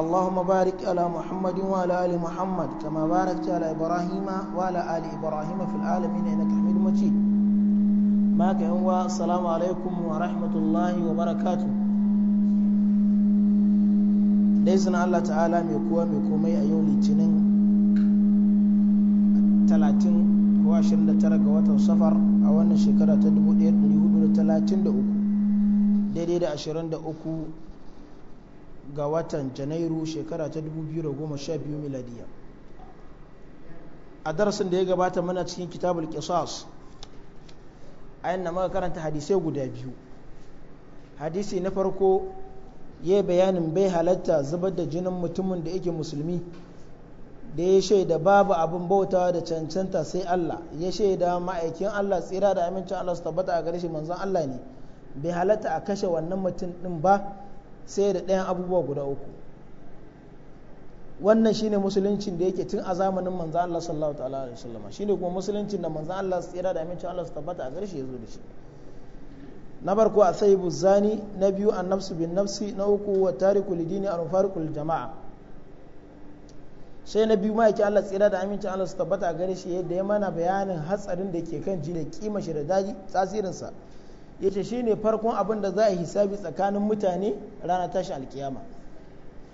اللهم بارك على محمد وعلى آل محمد كما باركت على إبراهيم وعلى آل إبراهيم في العالمين إنك حميد مجيد ما كان السلام عليكم ورحمة الله وبركاته دايزنا الله تعالى ميكوا ميكومي أيو لتنين تلاتين وعشرين لترك وطن صفر أولنا شكرا تدبو دير ليهود لتلاتين دا أكو دير دا عشرين دا أكو ga watan janairu shekara ta 2012 miladiya a darasin da ya gabata mana cikin kitabul qisas ayin na maka karanta hadisai guda biyu hadisi na farko ya bayanin bai halatta zubar da jinin mutumin da yake musulmi da ya shaida babu abin bautawa da cancanta sai Allah ya shaida ma'aikin Allah tsira da amincin Allah su tabbata a gare shi manzon Allah ne bai halatta a kashe wannan mutum din ba sai da ɗayan abubuwa guda uku wannan shine musuluncin da yake tun a zamanin manzan Allah sallallahu ta'ala sallama shi shine kuma musuluncin da manzan Allah su tsira da amincin Allah su tabbata a garshe zo da shi na farko a sai buzani na biyu an nafsu bin nafsi na uku wa tariku lidini a farikul jama'a sai na biyu ma'aikin Allah tsira da amincin Allah su tabbata a gare shi yadda ya mana bayanin hatsarin da ke kan jini kima shi da daji tasirinsa shi ne farkon abin da za a hisabi tsakanin mutane rana tashi alkiyama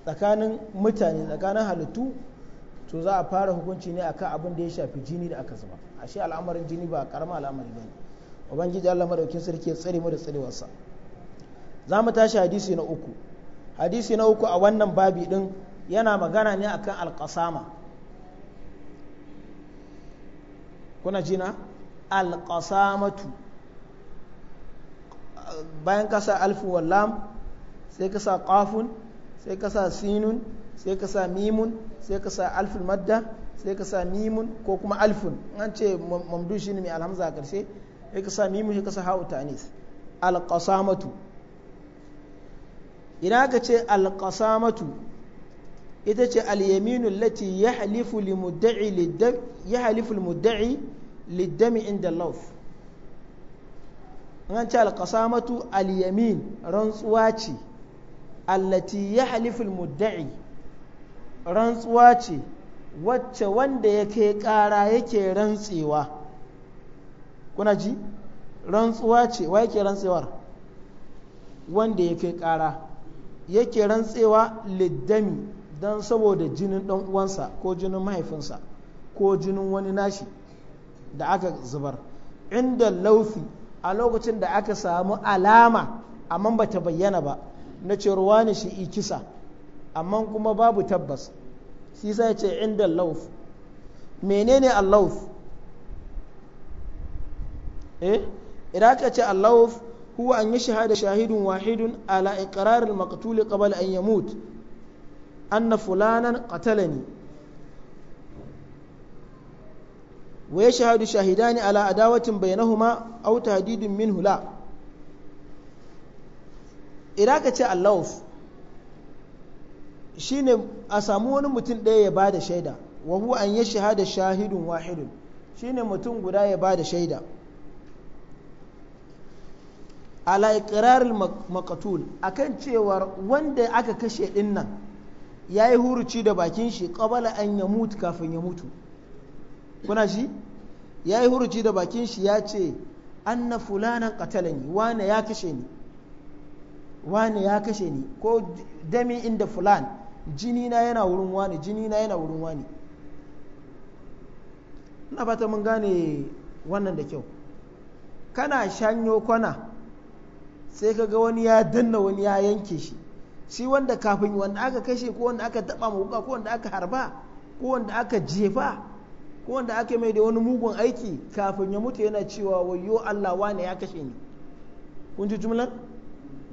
tsakanin mutane tsakanin halittu to za a fara hukunci ne akan abin da ya shafi jini da aka zuba a shi al'amarin jini ba karama al'amari bane ubangiji Allah madaukin sarki ya tsare mu da tsarewarsa za mu tashi hadisi na uku hadisi na uku a wannan babi din yana magana ne akan alƙasama kuna jina alƙasamatu bayan ka sa alfu wallam sai ka sa qafun sai ka sa sinun sai ka sa mimun sai ka sa alfu madda sai ka sa mimun ko kuma alfun an ce mamdu shine mai alhamza a karshe sai ka sa mimun sai ka sa ha'u ta'anis alqasamatu idan ka ce alqasamatu ita ce alyaminu lati yahlifu limudda'i lidda'i yahlifu almudda'i inda lauf. an ce alƙasamatu al-yamin rantsuwa ce allati ya halifin mudda'i rantsuwa ce wacce wanda yake ƙara yake rantsewa kuna ji rantsuwa ce wa yake rantsewar wanda yake ƙara yake rantsewa liddami don saboda jinin ɗan uwansa ko jinin mahaifinsa ko jinin wani nashi da aka zubar inda laufi a lokacin da aka samu alama amma ba ta bayyana ba na ce ruwa ne shi ikisa amma kuma babu tabbas shi sai ce inda lauf menene allauf eh idan aka ce allauf huwa an yi shahada shahidun wahidun ala iqrarin maqtuli qabla an yamut anna fulanan qatalani wa ya shahadu shahidani ala adawatin bainahuma aw tahdidin minhu la idan ka ce allawf shine a samu wani mutum ɗaya ya bada shaida wa huwa an shahada shahidun wahidun shine mutum guda ya bada shaida ala iqraril maqtul akan cewar wanda aka kashe dinnan yayi huruci da bakin shi qabala an yamut kafin ya mutu kuna shi ya yi huruci da bakin shi ya ce an na fulanan qatalani wane ya kashe ni wane ya kashe ni ko dami inda fulan jini na yana wurin wani jini na yana wurin wani ina fata mun gane wannan da kyau kana shanyo kwana sai ka ga wani ya danna wani ya yanke shi shi wanda kafin wanda aka kashe ko wanda aka taba ma ko wanda aka harba ko wanda aka jefa ko wanda aka mai da wani mugun aiki kafin ya mutu yana cewa wayo Allah wane ya kashe ni kun ji jumlar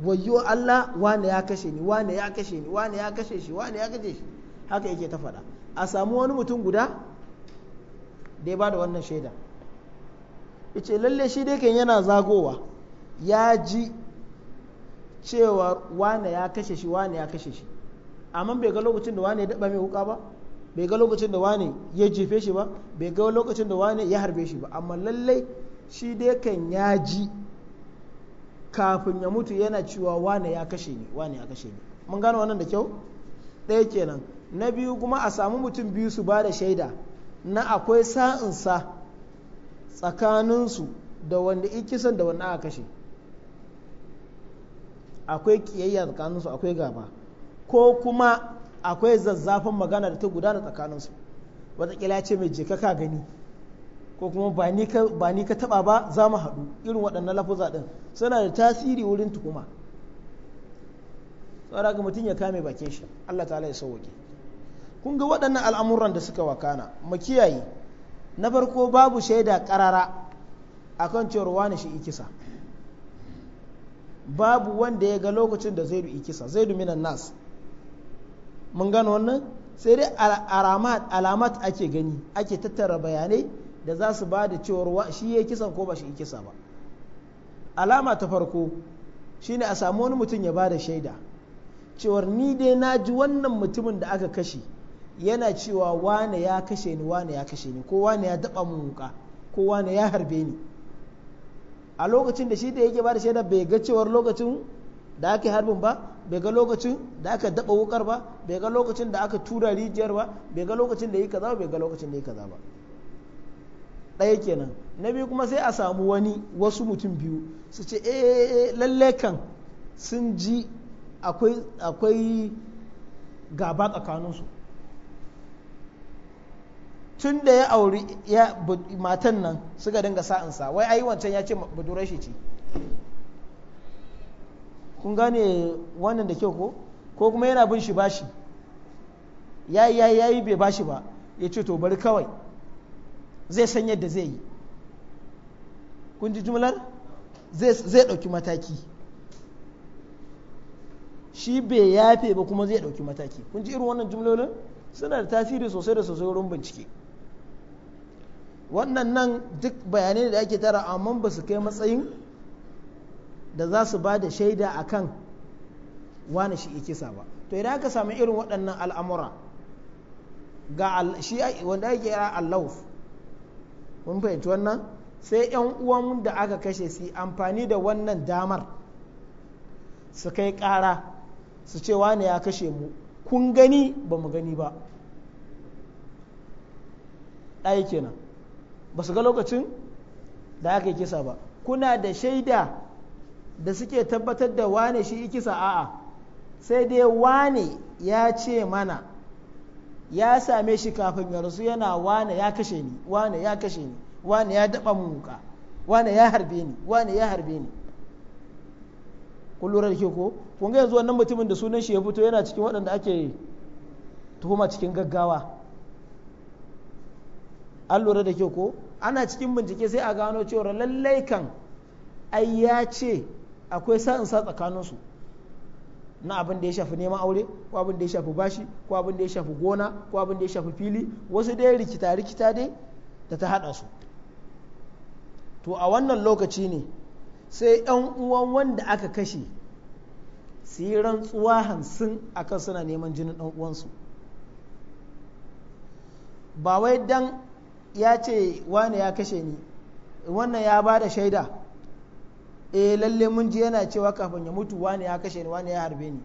wayo Allah wane ya kashe ni wane ya kashe ni wane ya kashe shi wane ya kashe shi haka yake ta faɗa a samu wani mutum guda da ya bada wannan shaida yace lalle shi dai kan yana zagowa ya ji cewa wane ya kashe shi wane ya kashe shi amma bai ga lokacin da wane ya daba mai wuka ba bai ga lokacin da wane ya jefe shi ba bai ga lokacin da wane ya harbe shi ba amma lallai shi dai kan ya ji kafin ya mutu yana cewa wane ya kashe ni wane ya kashe ni mun gano wannan da kyau ɗaya kenan na biyu kuma a samu mutum biyu su ba da shaida na akwai sa'insa tsakaninsu da wanda ikisan da wanda aka kashe akwai kiyayya tsakaninsu akwai gaba ko kuma akwai zazzafin magana da ta gudana tsakaninsu watakila ya ce mai jika ka gani ko kuma ba ni ka taba ba za mu haɗu irin waɗannan lafuza ɗin suna da tasiri wurin tuhuma tsara ga mutum ya kame bakin shi Allah ta'ala ya sauwake kun ga waɗannan al'amuran da suka wakana mu kiyaye na farko babu shaida ƙarara akan cewar wani shi ikisa babu wanda ya ga lokacin da zai zaidu ikisa zaidu minan nas mun gano wannan sai dai alamat ake gani ake tattara bayanai da za su ba da cewar shi ya kisan ko ba shi ya kisa ba alama ta farko shine a samu wani mutum ya ba da shaida cewar ni dai na ji wannan mutumin da aka kashe yana cewa wane ya kashe ni wane ya kashe ni ko wane ya daba mun wuka ko wane ya harbe ni a lokacin da shi da yake ba da shaida bai ga cewar lokacin da ake harbin ba bai ga lokacin da aka daba wukar ba bai ga lokacin da aka tura rijiyar ba bai ga lokacin da yi kaza ba bai ga lokacin da yi kaza ba ɗaya kenan na biyu kuma sai a samu wani wasu mutum biyu su ce eh lalle kan sun ji akwai akwai gaba tsakaninsu tun da ya auri matan nan suka dinga sa'insa wai ai wancan ya ce budurai shi ce kun gane wannan da kyau ko ko kuma yana bin shi bashi yayi ya yi bai bashi ba ya ce to bari kawai zai san yadda zai yi kun ji jumlar zai ɗauki mataki shi bai yafe ba kuma zai ɗauki mataki kun ji irin wannan jumlolin suna da tasiri sosai da sosai wurin bincike wannan nan duk bayanai da ake tara amma ba su kai matsayin da za su ba da shaida a kan wani shi kisa ba to idan aka sami irin waɗannan al'amura ga shi wanda ake yara allauf mun fahimci wannan sai yan uwan da aka kashe su amfani da wannan damar su kai ƙara su ce wani ya kashe mu kun gani ba mu gani ba ɗaya kenan ba su ga lokacin da aka yi kisa ba kuna da shaida da suke tabbatar da wane shi ikisa a'a sai dai wane ya ce mana ya same shi kafin ya rasu yana wane ya kashe ni wane ya kashe ni wane ya daba mun wuka wane ya harbe ni wane ya harbe ni kun lura da ke ko kun ga yanzu wannan mutumin da sunan shi ya fito yana cikin waɗanda ake tuhuma cikin gaggawa an lura da ke ko ana cikin bincike sai a gano cewa lallai kan ai ya ce akwai in sa tsakaninsu na abin da ya shafi neman aure ko abin da ya shafi bashi ko abin da ya shafi gona ko abin da ya shafi fili wasu dai rikita rikita dai da ta haɗa su to a wannan lokaci ne sai yan uwan wanda aka kashe su yi rantsuwa hamsin kan suna neman jinin ɗan uwansu ba wai dan ya ce wane ya kashe ni wannan ya ba da shaida eh lalle mun ji yana cewa kafin ya mutu wani ya kashe ni wani ya harbe ni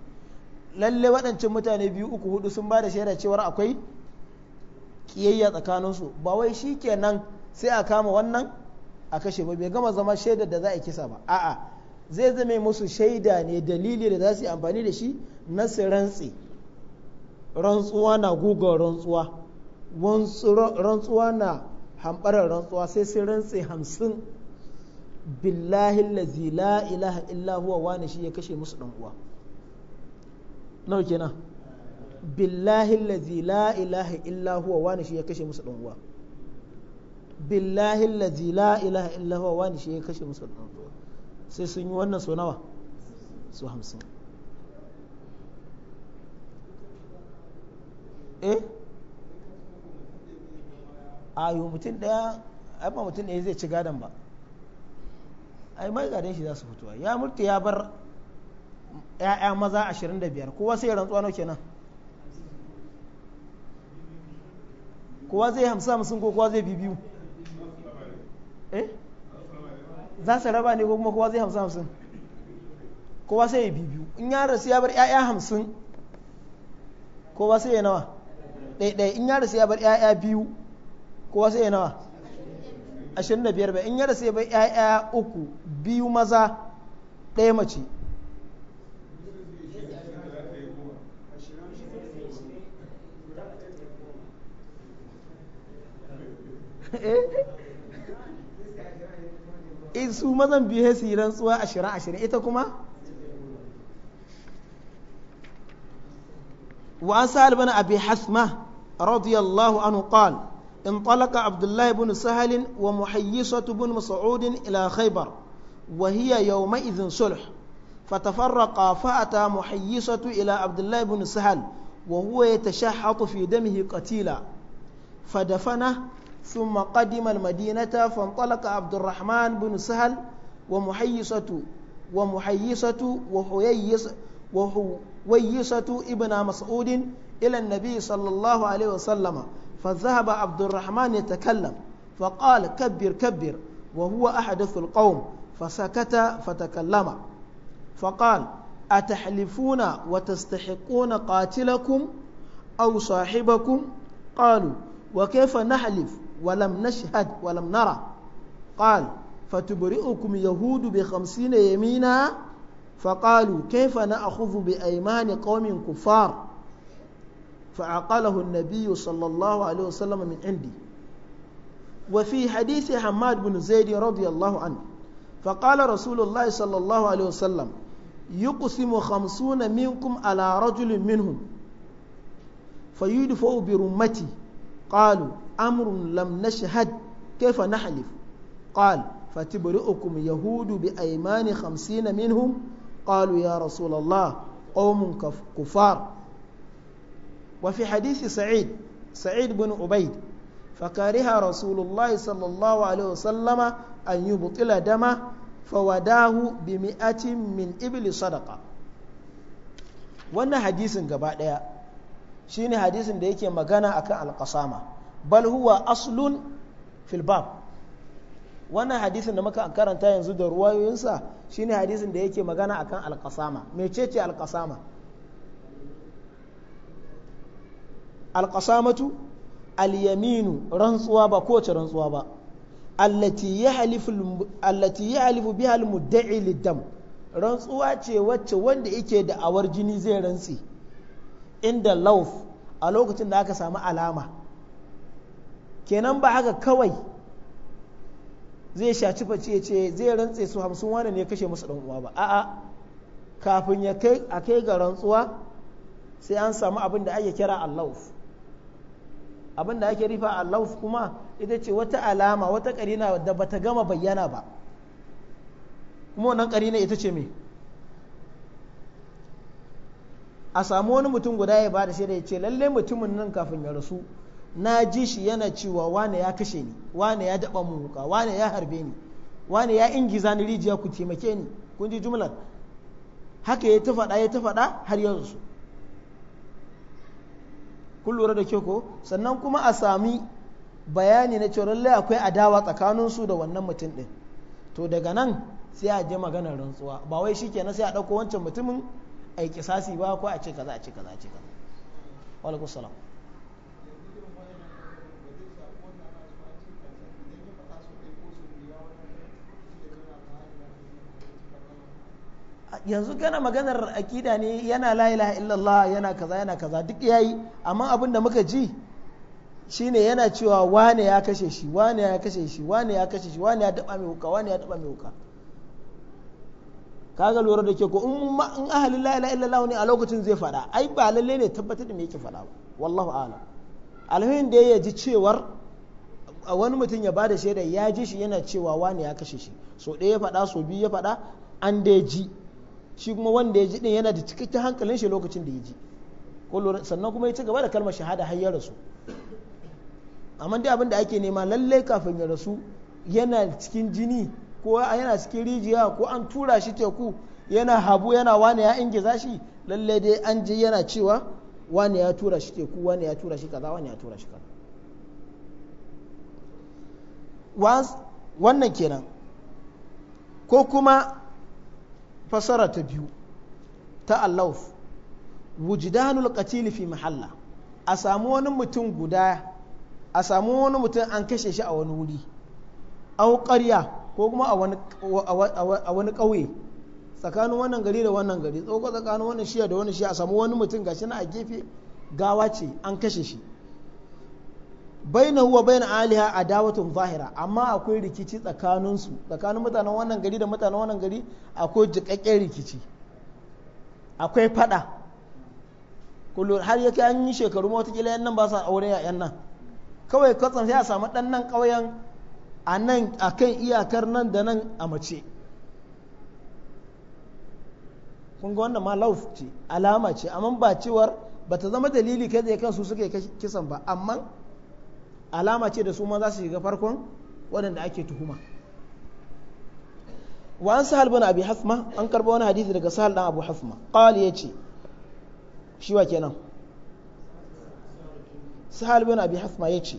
lalle waɗancan mutane biyu uku hudu sun ba da shaida cewar akwai kiyayya tsakaninsu ba wai shi kenan sai a kama wannan a kashe ba bai gama zama shaidar da za a kisa ba a'a zai zame musu shaida ne dalili da za su yi amfani da shi na su rantse rantsuwa na gugar rantsuwa rantsuwa na hambarar rantsuwa sai sun rantse hamsin billahi lazi la ilaha illa huwa wani shi ya kashe musu dan uwa nawa kenan billahi lazi la ilaha illa huwa wani shi ya kashe musu dan uwa billahi lazi la ilaha illa huwa wani shi ya kashe musu dan uwa sai sun yi wannan so nawa su hamsin eh ayo mutum daya ai ba mutum ne zai ci gadon ba ai magadan shi za su fito ya mutu ya bar ya'ya maza 25 kowa sai rantsuwa nau kenan kowa zai hamsa hamsin ko kowa zai biyu eh za su raba ne ko kuma kowa zai hamsa hamsin kowa sai ya biyu in ya rasu ya bar ya'ya hamsin kowa sai ya nawa ɗaiɗai in ya rasu ya bar ya'ya biyu kowa sai ya nawa ashirin da biyar ba in ya rasu ya bar ya'ya uku biyu maza ɗaya mace eh? in su mazan biyu ya siyi rantsuwa ashirin ashirin ita kuma? wasu albana abi hasma radiyallahu anhu qal in talaka abdullahi bin sahalin wa muhayyisatu bin masu'udin ila khaybar وهي يومئذ صلح فتفرقا فأتى محيصة إلى عبد الله بن سهل وهو يتشحط في دمه قتيلا فدفنه ثم قدم المدينة فانطلق عبد الرحمن بن سهل ومحيصة ومحيصة وحييصة وحويصة ابن مسعود إلى النبي صلى الله عليه وسلم فذهب عبد الرحمن يتكلم فقال كبر كبر وهو أحدث القوم فسكت فتكلم فقال أتحلفون وتستحقون قاتلكم أو صاحبكم قالوا وكيف نحلف ولم نشهد ولم نرى قال فتبرئكم يهود بخمسين يمينا فقالوا كيف نأخذ بأيمان قوم كفار فعقله النبي صلى الله عليه وسلم من عندي وفي حديث حماد بن زيد رضي الله عنه فقال رسول الله صلى الله عليه وسلم يقسم خمسون منكم على رجل منهم فيدفع برمتي قالوا أمر لم نشهد كيف نحلف قال فتبرئكم يهود بأيمان خمسين منهم قالوا يا رسول الله قوم كفار وفي حديث سعيد سعيد بن عبيد فكره رسول الله صلى الله عليه وسلم an yi butila dama fawadahu bi mi'atin min ibli sadaka wannan hadisin gaba ɗaya shine hadisin da yake magana akan alƙasama bal huwa aslun filbab wannan hadisin da muka karanta yanzu da ruwayoyinsa shine hadisin da yake magana akan alƙasama mecece alƙasama alƙasamatu alyaminu rantsuwa ba kowace rantsuwa ba allati ya halifu biha almudda'i lidam rantsuwa ce wacce wanda yake da awar jini zai rantsi inda lauf a lokacin da aka samu alama kenan ba haka kawai zai shaci face ce zai rantse su hamsin wani ne kashe musu dan uwa ba a'a kafin ya kai a kai ga rantsuwa sai an samu abin da ake kira allauf abin da ake rifa a lauf kuma ita ce wata alama wata karina da ba ta gama bayyana ba kuma wannan karina ita ce me a samu wani mutum guda ya ba da da ya ce lalle mutumin nan kafin ya rasu na ji shi yana cewa wane ya kashe ni wane ya daba mu wuka wane ya harbe ni wane ya ingiza ni rijiya ku taimake ni kun ji jumlar haka ya ta faɗa ya ta faɗa har yanzu. kun lura da ke ko sannan kuma a sami bayani na cewa lallai akwai adawa tsakanin su da wannan mutum din to daga nan sai a je maganar rantsuwa ba wai shi na sai a ɗauko wancan mutumin a yi kisasi ba ko a ce kaza a ce kaza a ce kaza alaikum yanzu gana maganar akida ne yana la ilaha illallah yana kaza yana kaza duk yayi amma abin da muka ji shine yana cewa wane ya kashe shi wane ya kashe shi wane ya kashe shi wane ya taba mai wuka wane ya taba mai wuka kaga lura da ke ko in in ahalin la ilaha illallah ne a lokacin zai fada ai ba lalle ne tabbatar da me yake fada ba wallahu a'lam alhin da ya ji cewar wani mutum ya bada shaida ya ji shi yana cewa wane ya kashe shi so ɗaya ya faɗa so biyu ya faɗa an da ji shi kuma wanda ya ji din yana da cikakken hankalin shi lokacin da ya ji sannan kuma ya ci gaba da kalmar shahada har ya rasu amma dai abin da ake nema lallai kafin ya rasu yana cikin jini ko yana cikin rijiya ko an tura shi teku yana habu yana wani ya ingiza shi lallai dai an je yana cewa wani ya tura shi teku wani ya tura shi kaza wani ya tura shi kaza wannan kenan ko kuma fasara ta biyu ta allauf wujidanul qatil fi mahalla a samu wani mutum guda a samu wani mutum an kashe shi a wani wuri au ƙarya ko kuma a wani ƙauye tsakanin wannan gari da wannan gari tsoko tsakanin wannan shiya da wannan shiya a samu wani mutum gashi na a gefe gawa ce an kashe shi baina huwa baina aliha adawatun zahira amma akwai rikici tsakanin su tsakanin mutanen wannan gari da mutanen wannan gari akwai jikakken rikici akwai fada kullum har yake an yi shekaru matakila yan nan ba sa aure yayan nan kawai kwatsam sai a samu dan nan ƙauyen a nan a kan iyakar nan da nan a mace kun ga wannan ma lauf ce alama ce amma ba cewar ba ta zama dalili kai zai kansu suke kisan ba amma alama ce da su ma za su shiga farkon waɗanda ake tuhuma wa an sahal bin abi hasma an karba wani hadisi daga sahal dan abu hasma qali yace shi wa kenan sahal bin abi hasma yace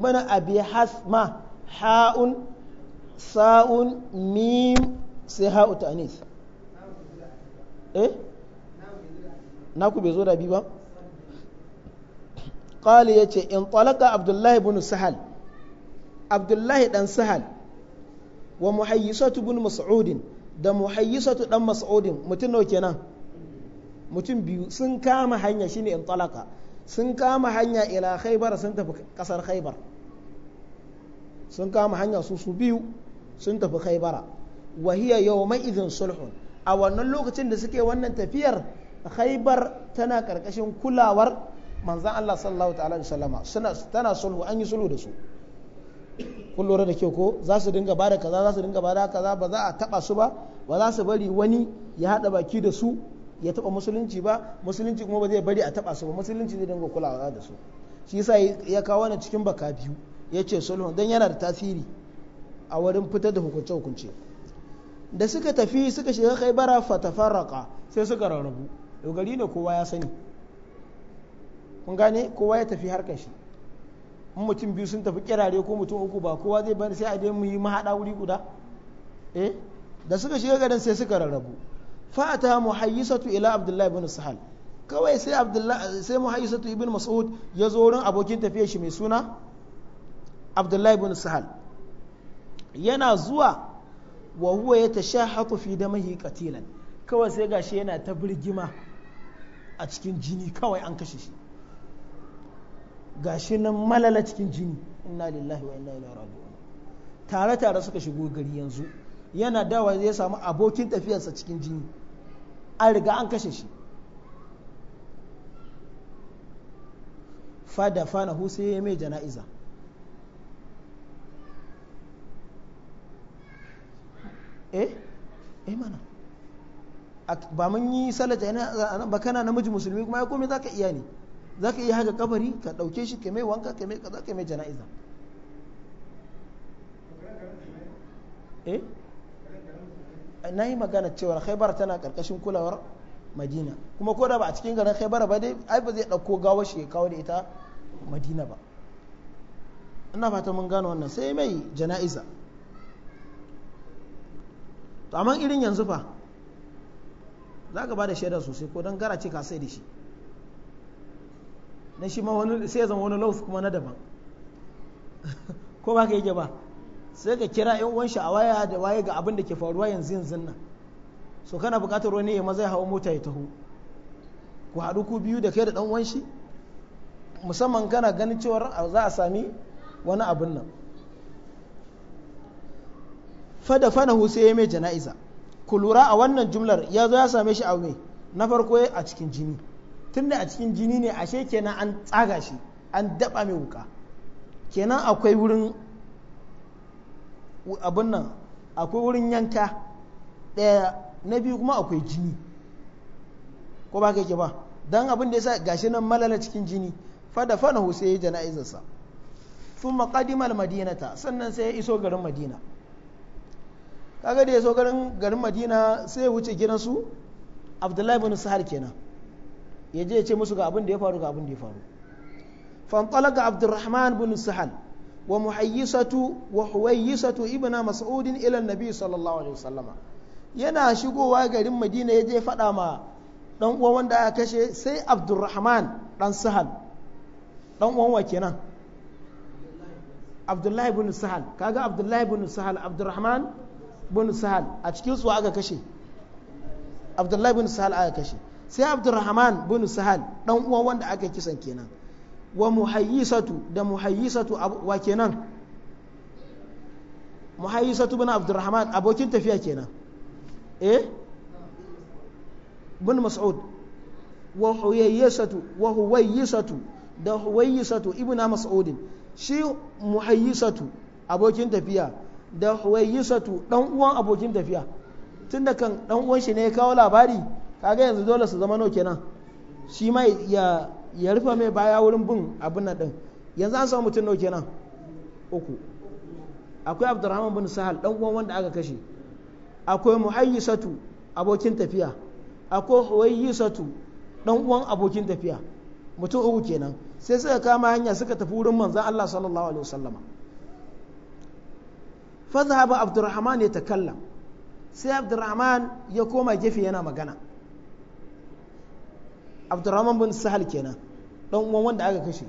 mana abi hasma ha'un sa'un mim sai ha'u ta'anis eh na ku bai zo da bi ba qali yace in talaqa abdullahi ibn sahal abdullahi dan sahal wa muhayyisatu ibn mas'ud da muhayyisatu dan mas'ud mutum nawa kenan mutum biyu sun kama hanya shine in talaqa sun kama hanya ila khaybar sun tafi kasar khaybar sun kama hanya su su biyu sun tafi khaybara wa hiya yawma idhin sulhun a wannan lokacin da suke wannan tafiyar khaybar tana karkashin kulawar manzan Allah sallallahu ta'ala da sallama suna tana sulhu an yi sulhu da su kun da kyau ko za su dinga bada kaza za su dinga bada kaza ba za a taba su ba ba za su bari wani ya hada baki da su ya taba musulunci ba musulunci kuma ba zai bari a taba su ba musulunci zai dinga kulawa da su shi yasa ya kawo wani cikin baka biyu ya ce sulhu dan yana da tasiri a wurin fitar da hukunce hukunce da suka tafi suka shiga kai khaybara fatafarraqa sai suka rarrabu dogari ne kowa ya sani kun gane kowa ya tafi harkar shi in mutum biyu sun tafi kirare ko mutum uku ba kowa zai bani sai a je mu yi mahaɗa wuri guda eh da suka shiga garin sai suka rarrabu fa'ata muhayyisatu ila abdullahi ibn sahal kawai sai abdullahi sai muhayyisatu ibn mas'ud ya zo wurin abokin tafiyar shi mai suna abdullahi ibn sahal yana zuwa wa huwa yatashahatu fi damihi qatilan kawai sai gashi yana ta birgima a cikin jini kawai an kashe shi gashi nan malala cikin jini inna lillahi wa inna ilaihi raji'un tare tare suka shigo gari yanzu yana dawa ya samu abokin tafiyarsa cikin jini an riga an kashe shi fada fana hu sai ya mai jana'iza eh eh mana ba mun yi salata jana'iza ba kana namiji musulmi kuma ya komai zaka iya ne za ka iya haka kabari ka ɗauke shi ka mai wanka ka mai kaza ka mai jana'iza eh na yi magana cewar khaibar tana karkashin kulawar madina kuma ko da ba a cikin garin haibar ba dai ai ba zai ɗauko gawar shi ya kawo da ita madina ba ina fata mun gano wannan sai mai jana'iza to amma irin yanzu fa za ka ba da shaida sosai ko don gara ce ka sai da shi na shi ma wani sai zama wani lauf kuma na daban ko ba ka yi ba sai ka kira yan uwan shi a waya da waye ga abin da ke faruwa yanzu yanzu nan so kana buƙatar wani ya maza ya mota ya taho ku haɗu ku biyu da kai da ɗan uwan shi musamman kana ganin cewa za a sami wani abin nan fada fanahu sai ya mai jana'iza ku lura a wannan jumlar ya zo ya same shi a mai na farko a cikin jini tunda a cikin jini ne ashe kenan an tsaga shi an daba mai wuka kenan akwai wurin abin nan akwai wurin yanka ɗaya na biyu kuma akwai jini ko ba ka yake ba don abin da ya sa gashi nan malala cikin jini fada fana sai ya jana'izarsa sun maƙadimal madinata sannan sai ya iso garin madina kaga da ya so garin madina sai ya wuce gidansu abdullahi bin sahar kenan ya je ya ce musu ga abin da ya faru ga abin da ya faru fanṭalaqa abdurrahman bin sahal wa muhayyisatu wa huwayyisatu ibna mas'udin ila annabi sallallahu alaihi wasallama yana shigowa garin madina ya je faɗa ma dan uwan wanda aka kashe sai abdurrahman dan sahal ɗan uwan wa kenan abdullahi bin sahal kaga abdullahi bin sahal abdurrahman bin sahal a cikin su aka kashe abdullahi bin sahal aka kashe sai abdurrahman bin sahal dan uwan wanda aka kisan kenan wa muhayyisatu da muhayyisatu wa kenan muhayyisatu bin abdurrahman abokin tafiya kenan eh bin mas'ud wa huwayyisatu wa huwayyisatu da huwayyisatu ibnu mas'udin shi muhayyisatu abokin tafiya da huwayyisatu dan uwan abokin tafiya tunda kan dan uwan shi ne ya kawo labari kaga yanzu dole su zama nau kenan shi ma ya rufe mai baya wurin bin abin nan din yanzu an samu mutum nau kenan uku akwai abdurrahman bin sahal dan uwan wanda aka kashe akwai muhayyisatu abokin tafiya akwai huwayyisatu dan uwan abokin tafiya mutum uku kenan sai suka kama hanya suka tafi wurin manzon Allah sallallahu alaihi wasallama fa dhahaba abdurrahman takalla sai abdurrahman ya koma gefe yana magana abdurrahman bin sahal kenan dan uwan wanda aka kashe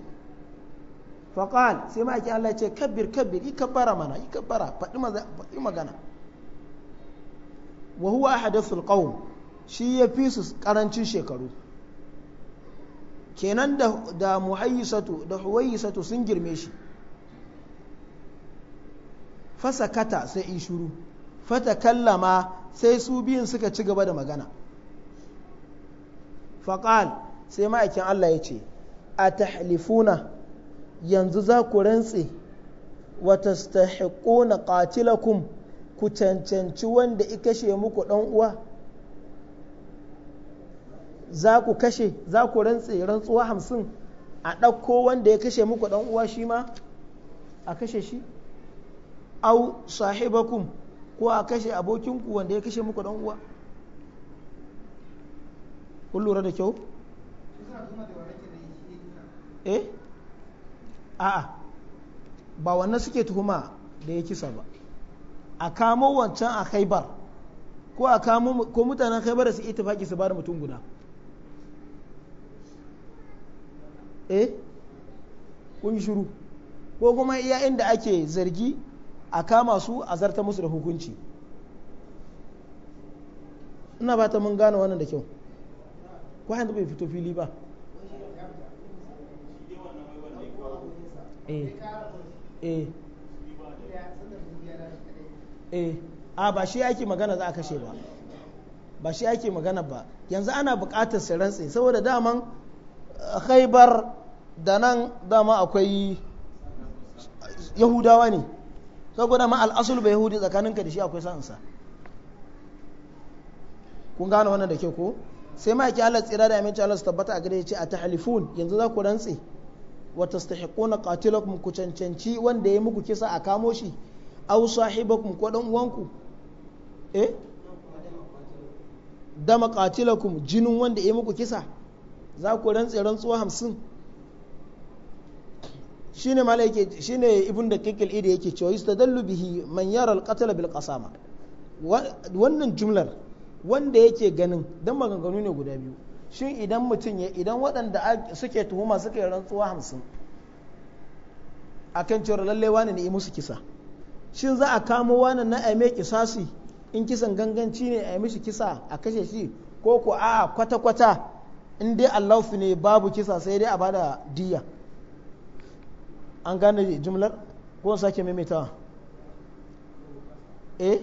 faqal sai ma ake Allah ya ce kabbir kabbir yi kabbara mana yi kabbara faɗi magana wa huwa ahadathul qawm shi ya fi su karancin shekaru kenan da da muhayyisatu da huwayyisatu sun girme shi fasakata sai in shuru kallama sai su biyun suka ci gaba da magana faƙal sai ma'aikin Allah ya ce a tahlifuna yanzu za ku rantse wata na qatilakum ku cancanci wanda i kashe muku ɗan uwa za ku kashe za ku rantse rantsuwa hamsin a ɗauko wanda ya kashe muku ɗan uwa shi ma a kashe shi au sahibakum ko a kashe abokinku wanda ya kashe muku ɗan uwa kun lura da kyau eh a'a ba wannan suke tuhuma da ya kisa ba a kamo wancan a haibar ko a kamo ko mutanen haibar su tafaki su bada mutum guda eh kun shuru ko kuma iya inda ake zargi a kama su a zarta musu da hukunci ina ba ta mun gane wannan da kyau ko yanzu bai fito fili ba eh, eh, eh. a ah, ba shi yake magana za a kashe ba ba shi yake magana ba yanzu ana bukatar su saboda daman haibar da nan dama akwai yahudawa ne saboda ma al'asul bai yahudi tsakaninka da shi akwai sa'insa kun gane wannan da ke ko sai ma ake Allah tsira da aminci Allah su tabbata a gare ya ce a tahlifun yanzu za ku rantse wa tastahiquna qatilakum ku cancanci wanda ya muku kisa a kamo shi aw sahibakum ko dan uwanku eh dama qatilakum jinin wanda ya muku kisa za ku rantse rantsuwa hamsin shine mala shi shine ibn da kikil ida yake cewa yustadallu bihi man yara al bil qasama wannan jumlar wanda yake ganin don maganganu ne guda biyu shi idan mutum ya idan waɗanda suke tuhuma suka yi rantsuwa hamsin a kan cewar lalle wani ne musu kisa shi za a kamo wani na aime kisasi in kisan ganganci ne a yi mishi kisa a kashe shi ko ko a kwata-kwata in dai allahu ne babu kisa sai dai a bada diya an gane jumlar ko sake maimaitawa eh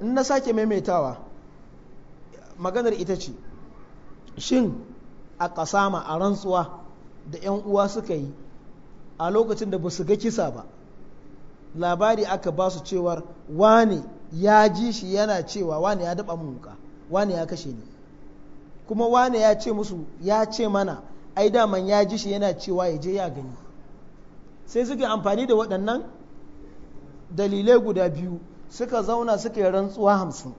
in na sake maimaitawa maganar ita ce shin a kasama a rantsuwa da 'yan uwa suka yi a lokacin da ba su ga kisa ba labari aka ba su cewar wane ya ji shi yana cewa wane ya daba muka wane ya kashe ni kuma wane ya ce musu ya ce mana ai daman ya ji shi yana cewa ya je ya gani sai suka amfani da waɗannan dalilai guda biyu suka zauna suka yi rantsuwa hamsin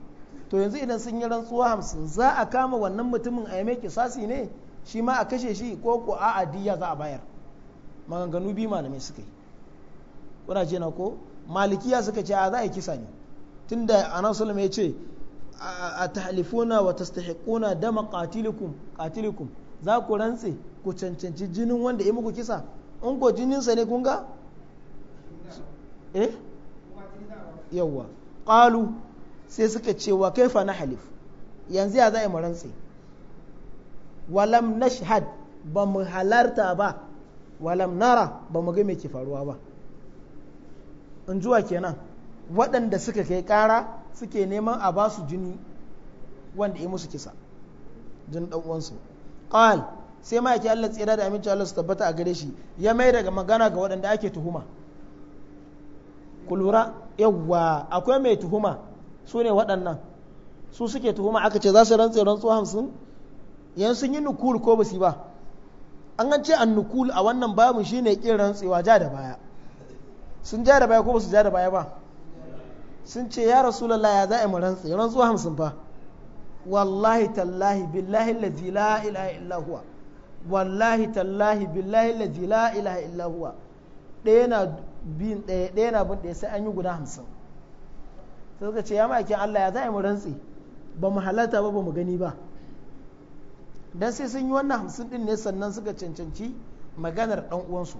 to yanzu idan sun yi rantsuwa hamsin za a kama wannan mutumin a mai kisasi ne shi ma a kashe shi ko ko a diya za a bayar maganganu biyu malamai suka yi kuna ce na ko malikiya suka ce a za a yi kisa ne tunda anan sulama ya ce a tahlifuna wa tastahiquna dama qatilikum za ku rantse ku cancanci jinin wanda ya muku kisa in ko jininsa ne kun ga eh yawwa qalu sai suka ce wa kaifa na halif yanzu ya za mu rantse walam nashhad ba mu halarta ba walam nara ba mu ga mai ke faruwa ba in zuwa kenan waɗanda suka kai ƙara suke neman a ba su jini wanda ya musu kisa jin ɗan uwansu sai ma yake Allah tsira da aminci Allah su tabbata a gare shi ya mai daga magana ga waɗanda ake tuhuma kulura lura yawwa akwai mai tuhuma su ne waɗannan su suke tuhuma aka ce za su rantse rantsuwa hamsin yan sun yi nukul ko ba su ba an an ce an nukul a wannan shi shine ƙin rantsewa ja da baya sun ja da baya ko ba su ja da baya ba sun ce ya rasulallah ya yi mu rantse rantsuwa hamsin fa wallahi tallahi billahi allazi la ilaha illa huwa wallahi tallahi billahi allazi la ilaha illa huwa ɗaya na bin ɗaya ɗaya na bin ɗaya sai an yi guda hamsin sai suka ce ya maki Allah ya zai mu rantsi ba mu halarta ba ba mu gani ba dan sai sun yi wannan hamsin din ne sannan suka cancanci maganar dan uwansu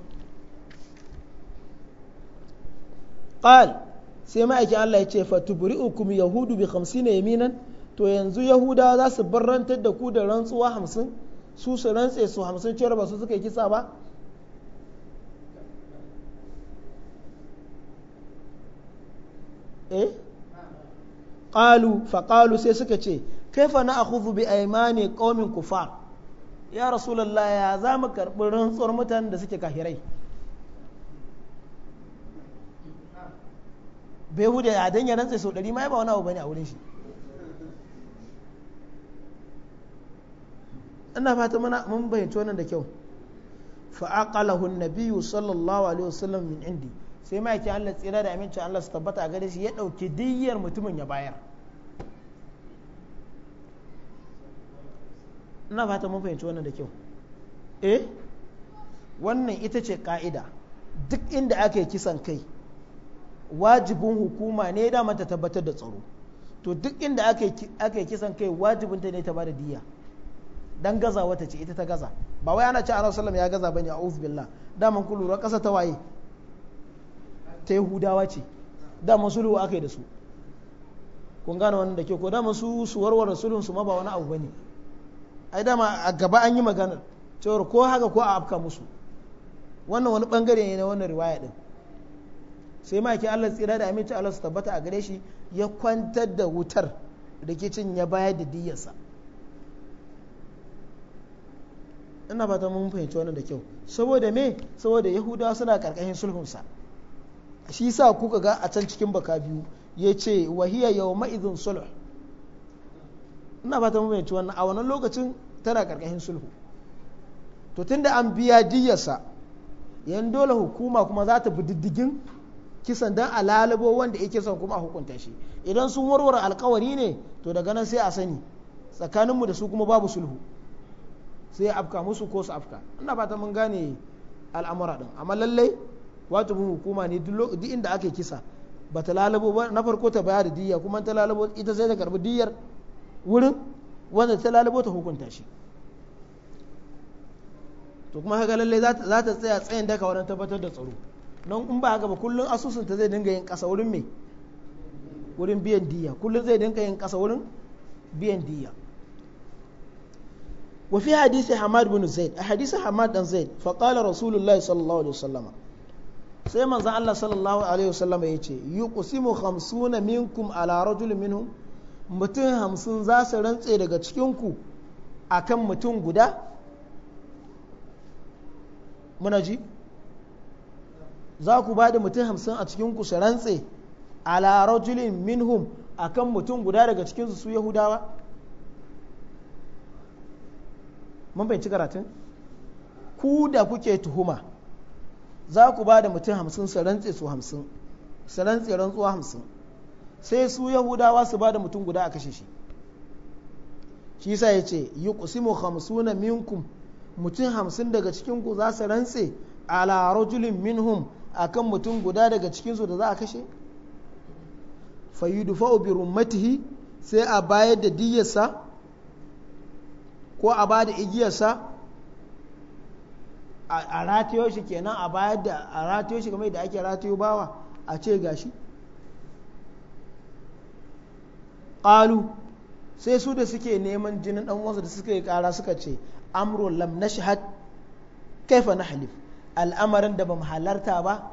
qal sai ma'aikin Allah ya ce fa tubri'ukum yahudu bi 50 yaminan to yanzu yahuda za su barrantar da ku da rantsuwa hamsin su su rantse su hamsin cewar ba su suka yi kisa ba eh qalu fa qalu sai suka ce kaifa na akhudhu bi aymani qaumin kufar ya rasulullah ya za mu karbi rantsuwar mutanen da suke kahirai bai hude a dan ya rantsa sau ɗari ma ba wani abu bane a wurin shi ina fata mana mun bayyance wannan da kyau fa aqalahu an sallallahu alaihi wasallam min indi sai ma yake Allah tsira da amincin Allah su tabbata a gare shi ya ɗauki diyyar mutumin ya bayar ina fata mun fahimci wannan da kyau eh wannan ita ce ka'ida duk inda aka yi kisan kai wajibin hukuma ne dama ta tabbatar da tsaro to duk inda aka yi kisan kai wajibin ta ne ta ba da diya dan gaza wata ce ita ta gaza ba wai ana ce a sallam ya gaza bane a'udhu billah daman ku lura kasa ta waye ta yahudawa ce dama sulhu aka yi da su kun gane wannan da ke ko dama su su warware sulhun su ma ba wani abu bane ai dama a gaba an yi maganar cewar ko haka ko a afka musu wannan wani bangare ne na wannan riwaya din sai ma ke Allah tsira da aminci Allah su tabbata a gare shi ya kwantar da wutar rikicin ya bayar da diyyarsa ina fata mun fahimci wannan da kyau saboda me saboda yahudawa suna karkashin sulhunsa shi sa kuka ga a can cikin baka biyu ya ce wahiya yau ma'izin sulh ina fata mamayanci wannan a wannan lokacin tana karkashin sulhu to tunda an biya diyyarsa yan dole hukuma kuma za ta bi diddigin kisan dan a wanda ya son kuma a hukunta shi idan sun warware alkawari ne to daga nan sai a sani tsakaninmu da su kuma babu sulhu sai ya afka musu ko su afka ina fata mun gane al'amura din amma lallai wajibin hukuma ne duk inda aka yi kisa ba ta lalabo ba na farko ta bayar da diyya kuma ta lalabo ita sai ta karbi diyar wurin wanda ta lalabo ta hukunta shi to kuma haka lallai za ta tsaya tsayin daka wurin tabbatar da tsaro nan in ba haka ba kullum asusun ta zai dinga yin kasa wurin me wurin biyan diyya kullum zai dinga yin kasa wurin biyan diyya وفي حديث حماد بن زيد حديث حماد بن زيد فقال رسول الله صلى الله عليه وسلم sai manzan Allah sallallahu alaihi wasallam ya ce yuqsimu khamsuna minkum ala rajulin minhum mutum hamsin za su rantse daga cikinku akan mutum guda muna ji za ku ba da mutum hamsin a cikinku su rantse ala rajulin minhum akan mutum guda daga cikinsu su yahudawa mun fahimci karatun ku da kuke tuhuma za ku ba da mutum hamsin su rantse su hamsin su rantsuwa hamsin sai su yahudawa su ba da mutum guda a kashe shi shi sa ya ce yi kusimu hamsuna minkum mutum hamsin daga cikinku za su rantse ala rajulin minhum kan mutum guda daga cikinsu da za a kashe fa yudfa'u bi rummatihi sai a bayar da diyyarsa ko a ba da igiyarsa a ratiyo shi kenan a bayar da a ratiyo shi game da ake ratiyo bawa a ce gashi ƙalu sai su da suke neman jinin ɗan uwansa da suka yi ƙara suka ce amru lam nashhad kaifa nahlif al'amarin da ba mu halarta ba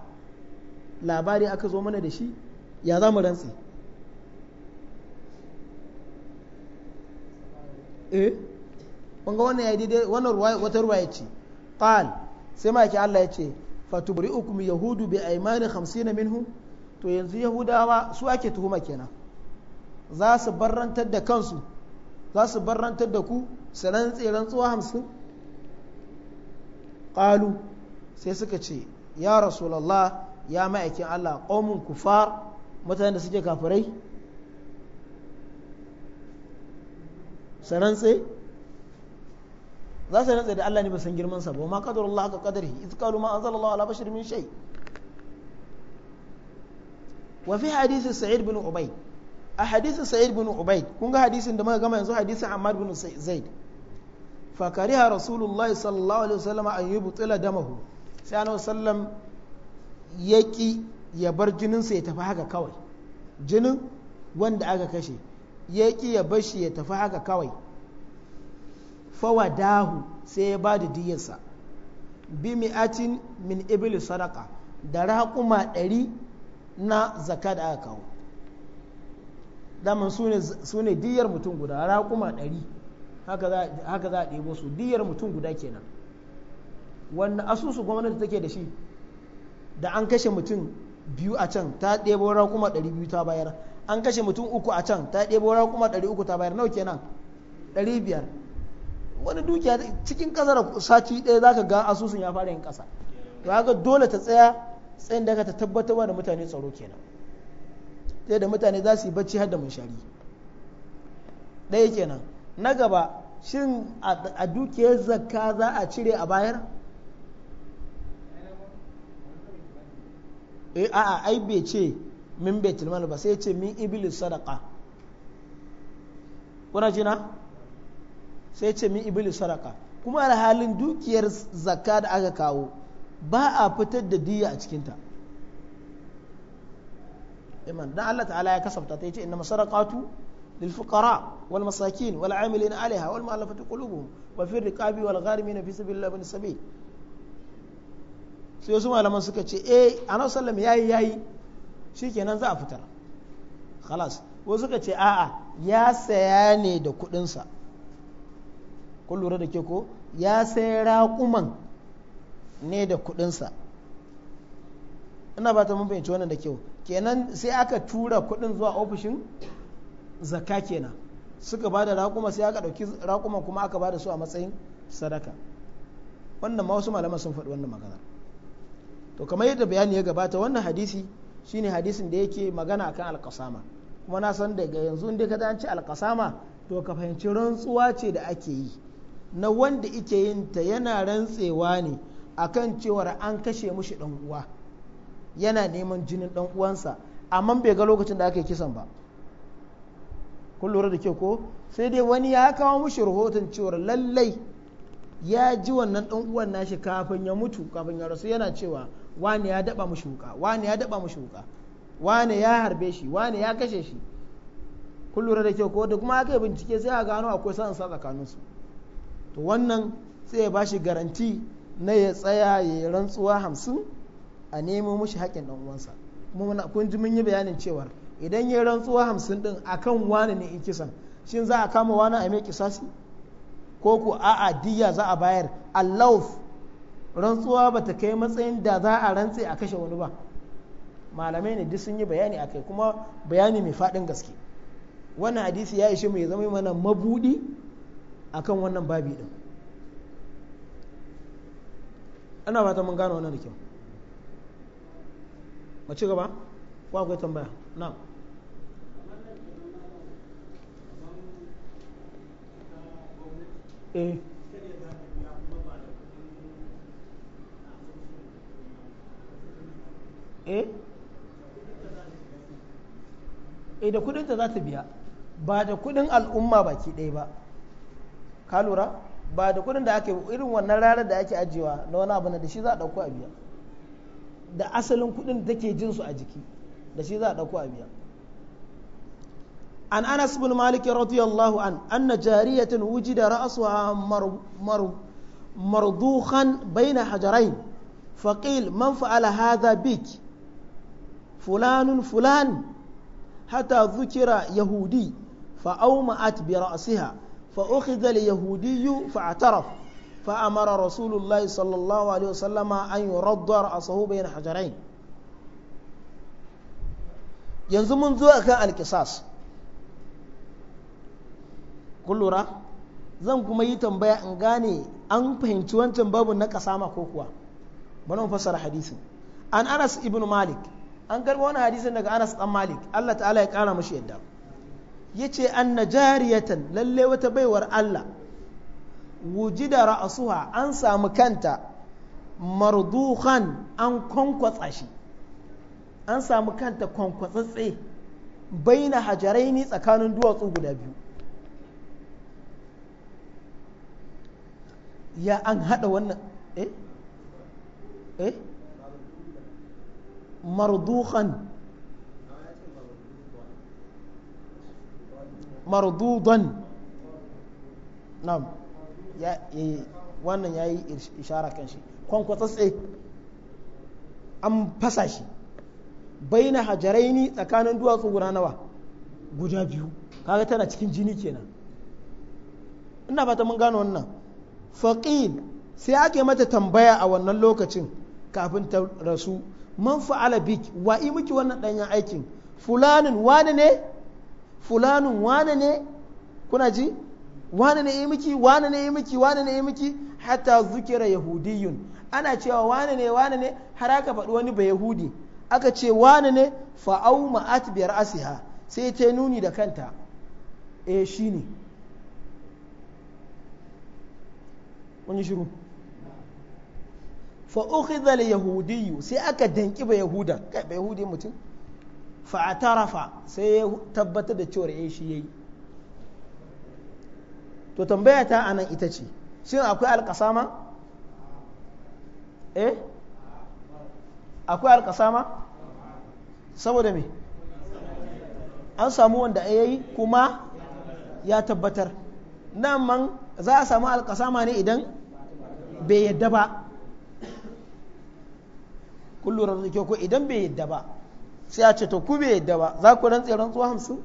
labari aka zo mana da shi ya za mu rantsi eh Wannan wannan ya daidai wannan wata ruwaya ce qal sai maki Allah ya ce fatubri ukum yahudu bi aymani 50 minhu to yanzu yahudawa su ake tuhuma kenan za su barrantar da kansu za su barrantar da ku sanan tseren tsuwa hamsin. qalu sai suka ce ya rasulallah ya ma'aikin Allah qaumun kufar mutanen da suke kafirai sanan tsaye za su rantsa da Allah ne ba san girman sa ba ma qadarullah haka hi iz qalu ma anzalallahu ala bashirin min shay wa fi hadith sa'id bin ubayd a hadith sa'id bin ubayd kun ga hadisin da muka gama yanzu hadisin ammar bin zaid fa kariha rasulullahi sallallahu alaihi wasallam an yubtila damahu sai annabi sallam yaki ya bar jinin sa ya tafi haka kawai jinin wanda aka kashe yaki ya bar shi ya tafi haka kawai dahu sai ya ba da diyarsa bi mi'atin min ibilis sadaka da raƙuma ɗari na zaka da aka kawo daman su ne diyar mutum guda raƙuma ɗari haka za a ɗebo su diyar mutum guda kenan wanda asusu gwamnati take da shi da an kashe mutum biyu a can ta ɗebo raƙuma ɗari biyu ta bayar an kashe mutum uku a can ta ɗebo raƙuma ɗari uku ta bayar nau kenan ɗari biyar wani dukiya cikin kasar sati ɗaya zaka ga asusun ya fara yin kasa to haka dole ta tsaya tsayin da ta tabbatar da mutane tsaro kenan sai da mutane za su yi bacci har da munshari ɗaya kenan na gaba shin a dukiyar zakka za a cire a bayar eh, a'a ai bai ce min baitul ba sai ce min iblis sadaka kuna jina sai ce min ibili saraka kuma alhalin dukiyar zakka da aka kawo ba a fitar da diya a cikinta iman dan Allah ta'ala ya kasafta ta yace innama saraqatu lil fuqara wal masakin wal amilina alaiha wal mu'allafati qulubuhum wa fi riqabi wal gharimin fi sabilillahi bin sabil sai wasu malaman suka ce eh annabi sallam yayi yayi shikenan za a fitar khalas wasu suka ce a'a ya saya ne da kuɗinsa sa kun lura da ke ko ya sai raƙuman ne da kuɗinsa ina ba ta mun fahimci wannan da kyau kenan sai aka tura kuɗin zuwa ofishin zakka kenan suka ba da raƙuma sai aka ɗauki raƙuman kuma aka ba da su a matsayin sadaka wannan ma wasu malaman sun faɗi wannan magana to kamar yadda bayani ya gabata wannan hadisi shine hadisin da yake magana akan alƙasama kuma na san daga yanzu inda ka an alƙasama to ka fahimci rantsuwa ce da ake yi na wanda ike yin ta yana rantsewa ne akan cewar an kashe mushi dan uwa yana neman jinin dan uwansa amma bai ga lokacin da aka yi kisan ba kun lura da kyau ko sai dai wani ya kawo mushi rahoton cewar lallai ya ji wannan dan uwan nashi kafin ya mutu kafin ya rasu yana cewa wani ya daba mushi wuka wani ya daba mushi wuka wani ya harbe shi wani ya kashe shi kun lura da kyau ko da kuma aka yi bincike sai a gano akwai sa'ansa tsakaninsu to wannan sai ya bashi garanti na ya tsaya ya yi rantsuwa hamsin a nemo mushi haƙƙin ɗan uwansa kuma muna kun ji mun yi bayanin cewa idan ya rantsuwa hamsin ɗin kan wani ne in kisan shin za a kama wani a mai kisasi ko ku a adiya za a bayar allauf rantsuwa ba ta kai matsayin da za a rantse a kashe wani ba malamai ne duk sun yi bayani a kai kuma bayani mai faɗin gaske wannan hadisi ya ishe mai zama mana mabuɗi. akan wannan babi din ana fata mun gano wannan da kyau mu ci gaba ko akwai tambaya na eh. eh eh da kudinta za ta biya ba da kudin al'umma baki ɗaya ba ka lura ba da kuɗin da ake irin wannan ranar da ake ajiyewa na wani abu da shi za a ɗauko a biya da asalin kuɗin da take jin su a jiki da shi za a ɗauko a biya an anas bin malik radiyallahu an anna jariyatan wujida ra'suha mar mardukhan baina hajarain faqil man fa'ala hadha bik fulanun fulan hatta dhukira yahudi fa'awma'at bi ra'siha فأخذ اليهودي فاعترف فأمر رسول الله صلى الله عليه وسلم أن يرد رأسه بين حجرين yanzu mun zo akan alkisas kun zan kuma yi tambaya in gane an fahimci wancan babu na kasama ko kuwa bari mu hadisin an anas ibn malik an karbi wani hadisin daga anas dan malik Allah ta'ala ya ƙara mashi yadda yace anna jariyatan lalle wata baiwar Allah wujida ra'asuha an samu kanta mardukhan an kwankwatsa shi an samu kanta kwankwatsatse baina hajaraini tsakanin duwatsu guda biyu ya an hada wannan eh eh mardukhan mardudan nam ya wannan ya yi ishara kan shi kwankwatsatse an fasa shi bai na hajaraini tsakanin duwatsu guda nawa guda biyu kaga tana cikin jini kenan ina fata mun gano wannan faqil sai ake mata tambaya a wannan lokacin kafin ta rasu man fa'ala bik wa'i muke wannan danyen aikin fulanin wani ne fulanun wane ne kuna ji wane ne miki wane ne miki wane ne miki hatta zukira yahudiyun ana cewa wane ne wane ne har aka faɗi wani ba yahudi aka ce wane ne fa'au ma'at biyar asiha sai ta nuni da kanta e shi ne wani shiru fa'ukhidha yahudiyu sai aka danki ba yahuda kai ba yahudi mutum fa'atarafa sai ya tabbatar da cewar ya eh, shi yayi to tambaya ta anan ita ce shin akwai alƙasama eh akwai alƙasama saboda me an samu wanda ya yi kuma ya tabbatar nan man za a samu alƙasama ne idan bai yadda ba kullum da ko idan bai yadda ba sai a ce to ku bai yadda ba za ku rantse rantsuwa hamsin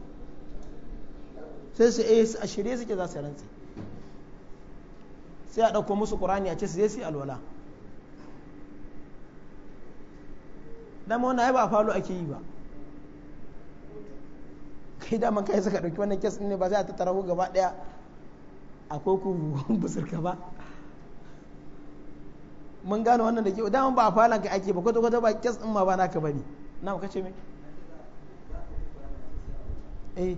sai su eh a shirye suke za su rantse sai a ɗauko musu ƙurani a ce su je su alwala dama wannan ai ba a falo ake yi ba kai daman kai suka ɗauki wannan kes ne ba sai a tattara ku gaba ɗaya akwai ku busirka ba mun gane wannan da ke daman ba a falon ka ake ba kwata-kwata ba kes ɗin ma ba naka ba ne na kace me eh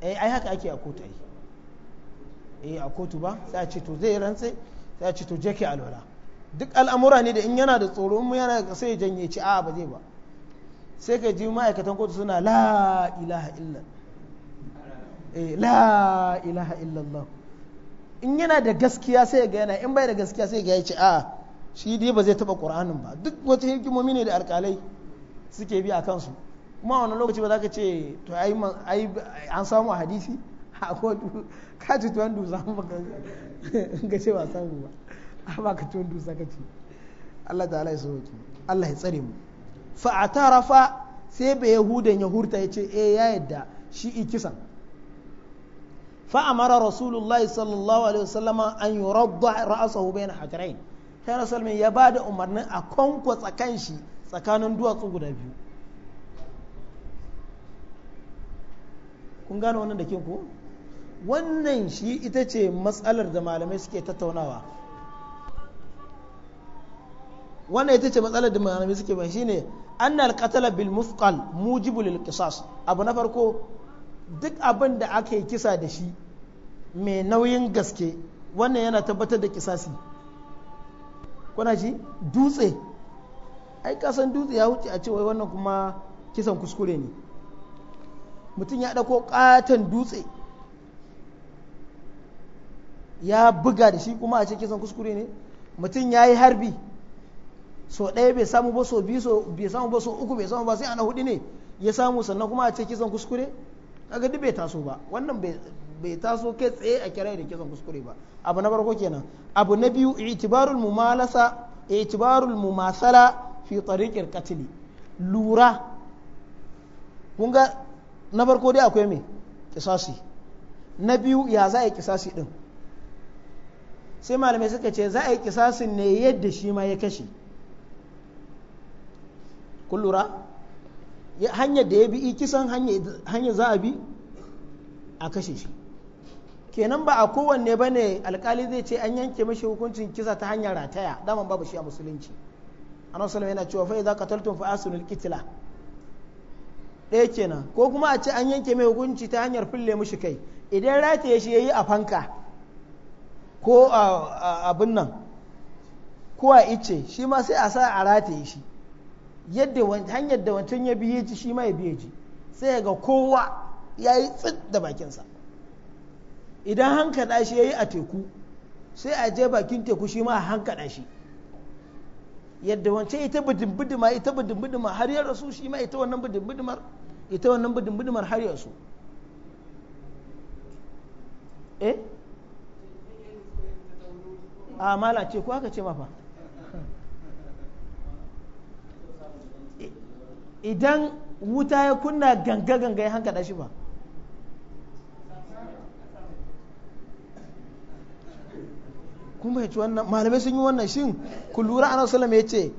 eh ai haka ake a kotu ai eh a kotu ba sai a ce to zai rantse sai a ce to je ki alwala duk al'amura ne da in yana da tsoro mu yana sai janye ci a'a ba zai ba sai ka ji ma'aikatan kotu suna la ilaha illa eh la ilaha Allah. in yana da gaskiya sai ga yana in bai da gaskiya sai ga ya ci a'a shi dai ba zai taba qur'anin ba duk wata hikimomi ne da alƙalai suke bi a kansu kuma wani lokaci ba za ka ce to an samu a hadisi a kodu ka ci tuwon dusa ka ce ba samu ba a ba ka tuwon dusa ka ce Allah ta'ala ya sauki Allah ya tsare mu fa a fa sai bai yahudan ya hurta ya ce eh ya yadda shi ikisan fa amara rasulullahi sallallahu alaihi wasallam an yuradda ra'sahu bayna hajrain sai rasulmi ya ba da umarnin a kwankwatsa shi. tsakanin duwatsu guda biyu kun gane wannan da ke ku wannan shi ita ce matsalar da malamai suke tattaunawa wannan ita ce matsalar da malamai suke ban shine annal qatala bil musqal mujibu lil qisas abu na farko duk abin da aka yi kisa da shi mai nauyin gaske wannan yana tabbatar da kisasi kuna shi dutse ai kasan dutse ya wuce a ce wai wannan kuma kisan kuskure ne mutum ya ɗauko katon dutse ya buga da shi kuma a ce kisan kuskure ne mutum ya yi harbi so ɗaya bai samu ba so biyu so bai samu ba so uku bai samu ba sai ana hudu ne ya samu sannan kuma a ce kisan kuskure kaga duk bai taso ba wannan bai taso kai tsaye a kirai da kisan kuskure ba abu na farko kenan abu na biyu itibarul mumalasa itibarul mumasala fi tsarikin katili lura kun na farko dai akwai me kisasi na biyu ya za a yi kisasi din sai malamai suka ce za a yi kisasin ne yadda shi ma ya kashe kun lura hanyar da ya bi kisan hanyar za a bi a kashe shi kenan ba a kowanne ba ne alkali zai ce an yanke mashi hukuncin kisa ta hanyar rataya daman babu shi a musulunci annabi sallallahu yana cewa fa idza qataltum fa asunul qitla ɗaya kenan ko kuma a ce an yanke mai hukunci ta hanyar fille mushi kai idan rataye shi yayi a fanka ko a abin nan ko a ice shi ma sai a sa a rataye shi yadda hanyar da wancan ya biye ji shi ma ya biye ji sai ga kowa ya yi tsit da bakinsa idan hankaɗa shi ya yi a teku sai a je bakin teku shi ma a hankaɗa shi yadda wance ita bidimbidima ita bidimbidima har ya rasu shi ma ita wannan bidimbidimar ita wannan bidimbidimar har ya rasu eh a mala ce ko aka ce mafa idan wuta ya kunna ganga ganga ya hankada shi ba kun fahimci wannan malamai sun yi wannan shin ku lura anas sallama ya ce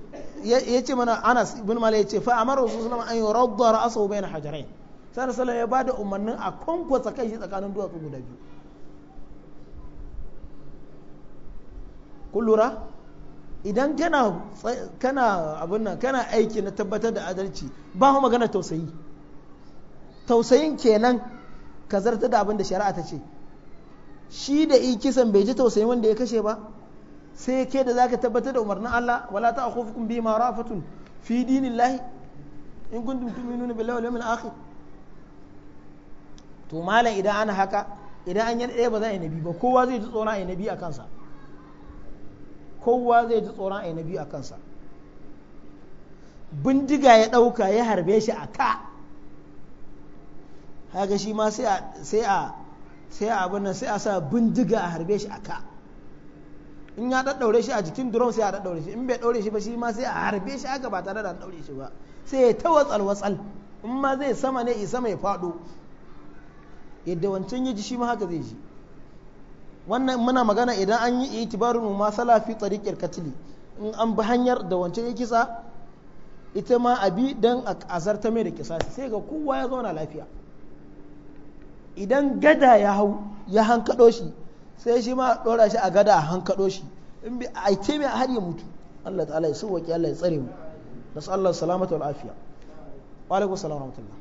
ya ce mana anas ibn malik ya ce fa amara rasul sallama an yuradda ra'sahu bayna hajarain sai sallama ya bada umarnin a kwankwasa kai shi tsakanin duwatsu guda biyu ku lura idan kana kana nan kana aiki na tabbatar da adalci ba mu magana tausayi tausayin kenan ka zartar da abin da shari'a ta ce shi da i kisan bai ji tausayin wanda ya kashe ba sai ke da zaka tabbatar da umarnin Allah wala ta'khufukum bima rafatun fi dinillahi in kuntum tu'minuna billahi wal yawmil akhir to malam idan ana haka idan an yi ɗaya ba za a yi nabi ba kowa zai ji tsoron a yi nabi a kansa kowa zai ji tsoron a yi nabi a kansa bindiga ya ɗauka ya harbe shi a ka haka shi ma sai a sai abin nan sai a sa bindiga a harbe shi a ka in ya daddaure shi a jikin drone sai a daddaure shi in bai daure shi ba shi ma sai a harbe shi aka ba tare da an daure shi ba sai ya ta watsal watsal in ma zai sama ne isa mai fado yadda wancan ya ji shi ma haka zai ji wannan muna magana idan an yi itibarun ma salafi tsariƙar katili in an bi hanyar da wancan ya kisa ita ma abi don a azarta mai da kisa sai ga kowa ya zauna lafiya idan gada ya hau ya hankaɗo shi sai shi ma dora shi a gada a hankaɗo shi in bi a ce mai har ya mutu Allah ta'ala ya sauwaƙi Allah ya tsare mu da su Allah salamata Wa lafiya wa alaikum salam wa rahmatullah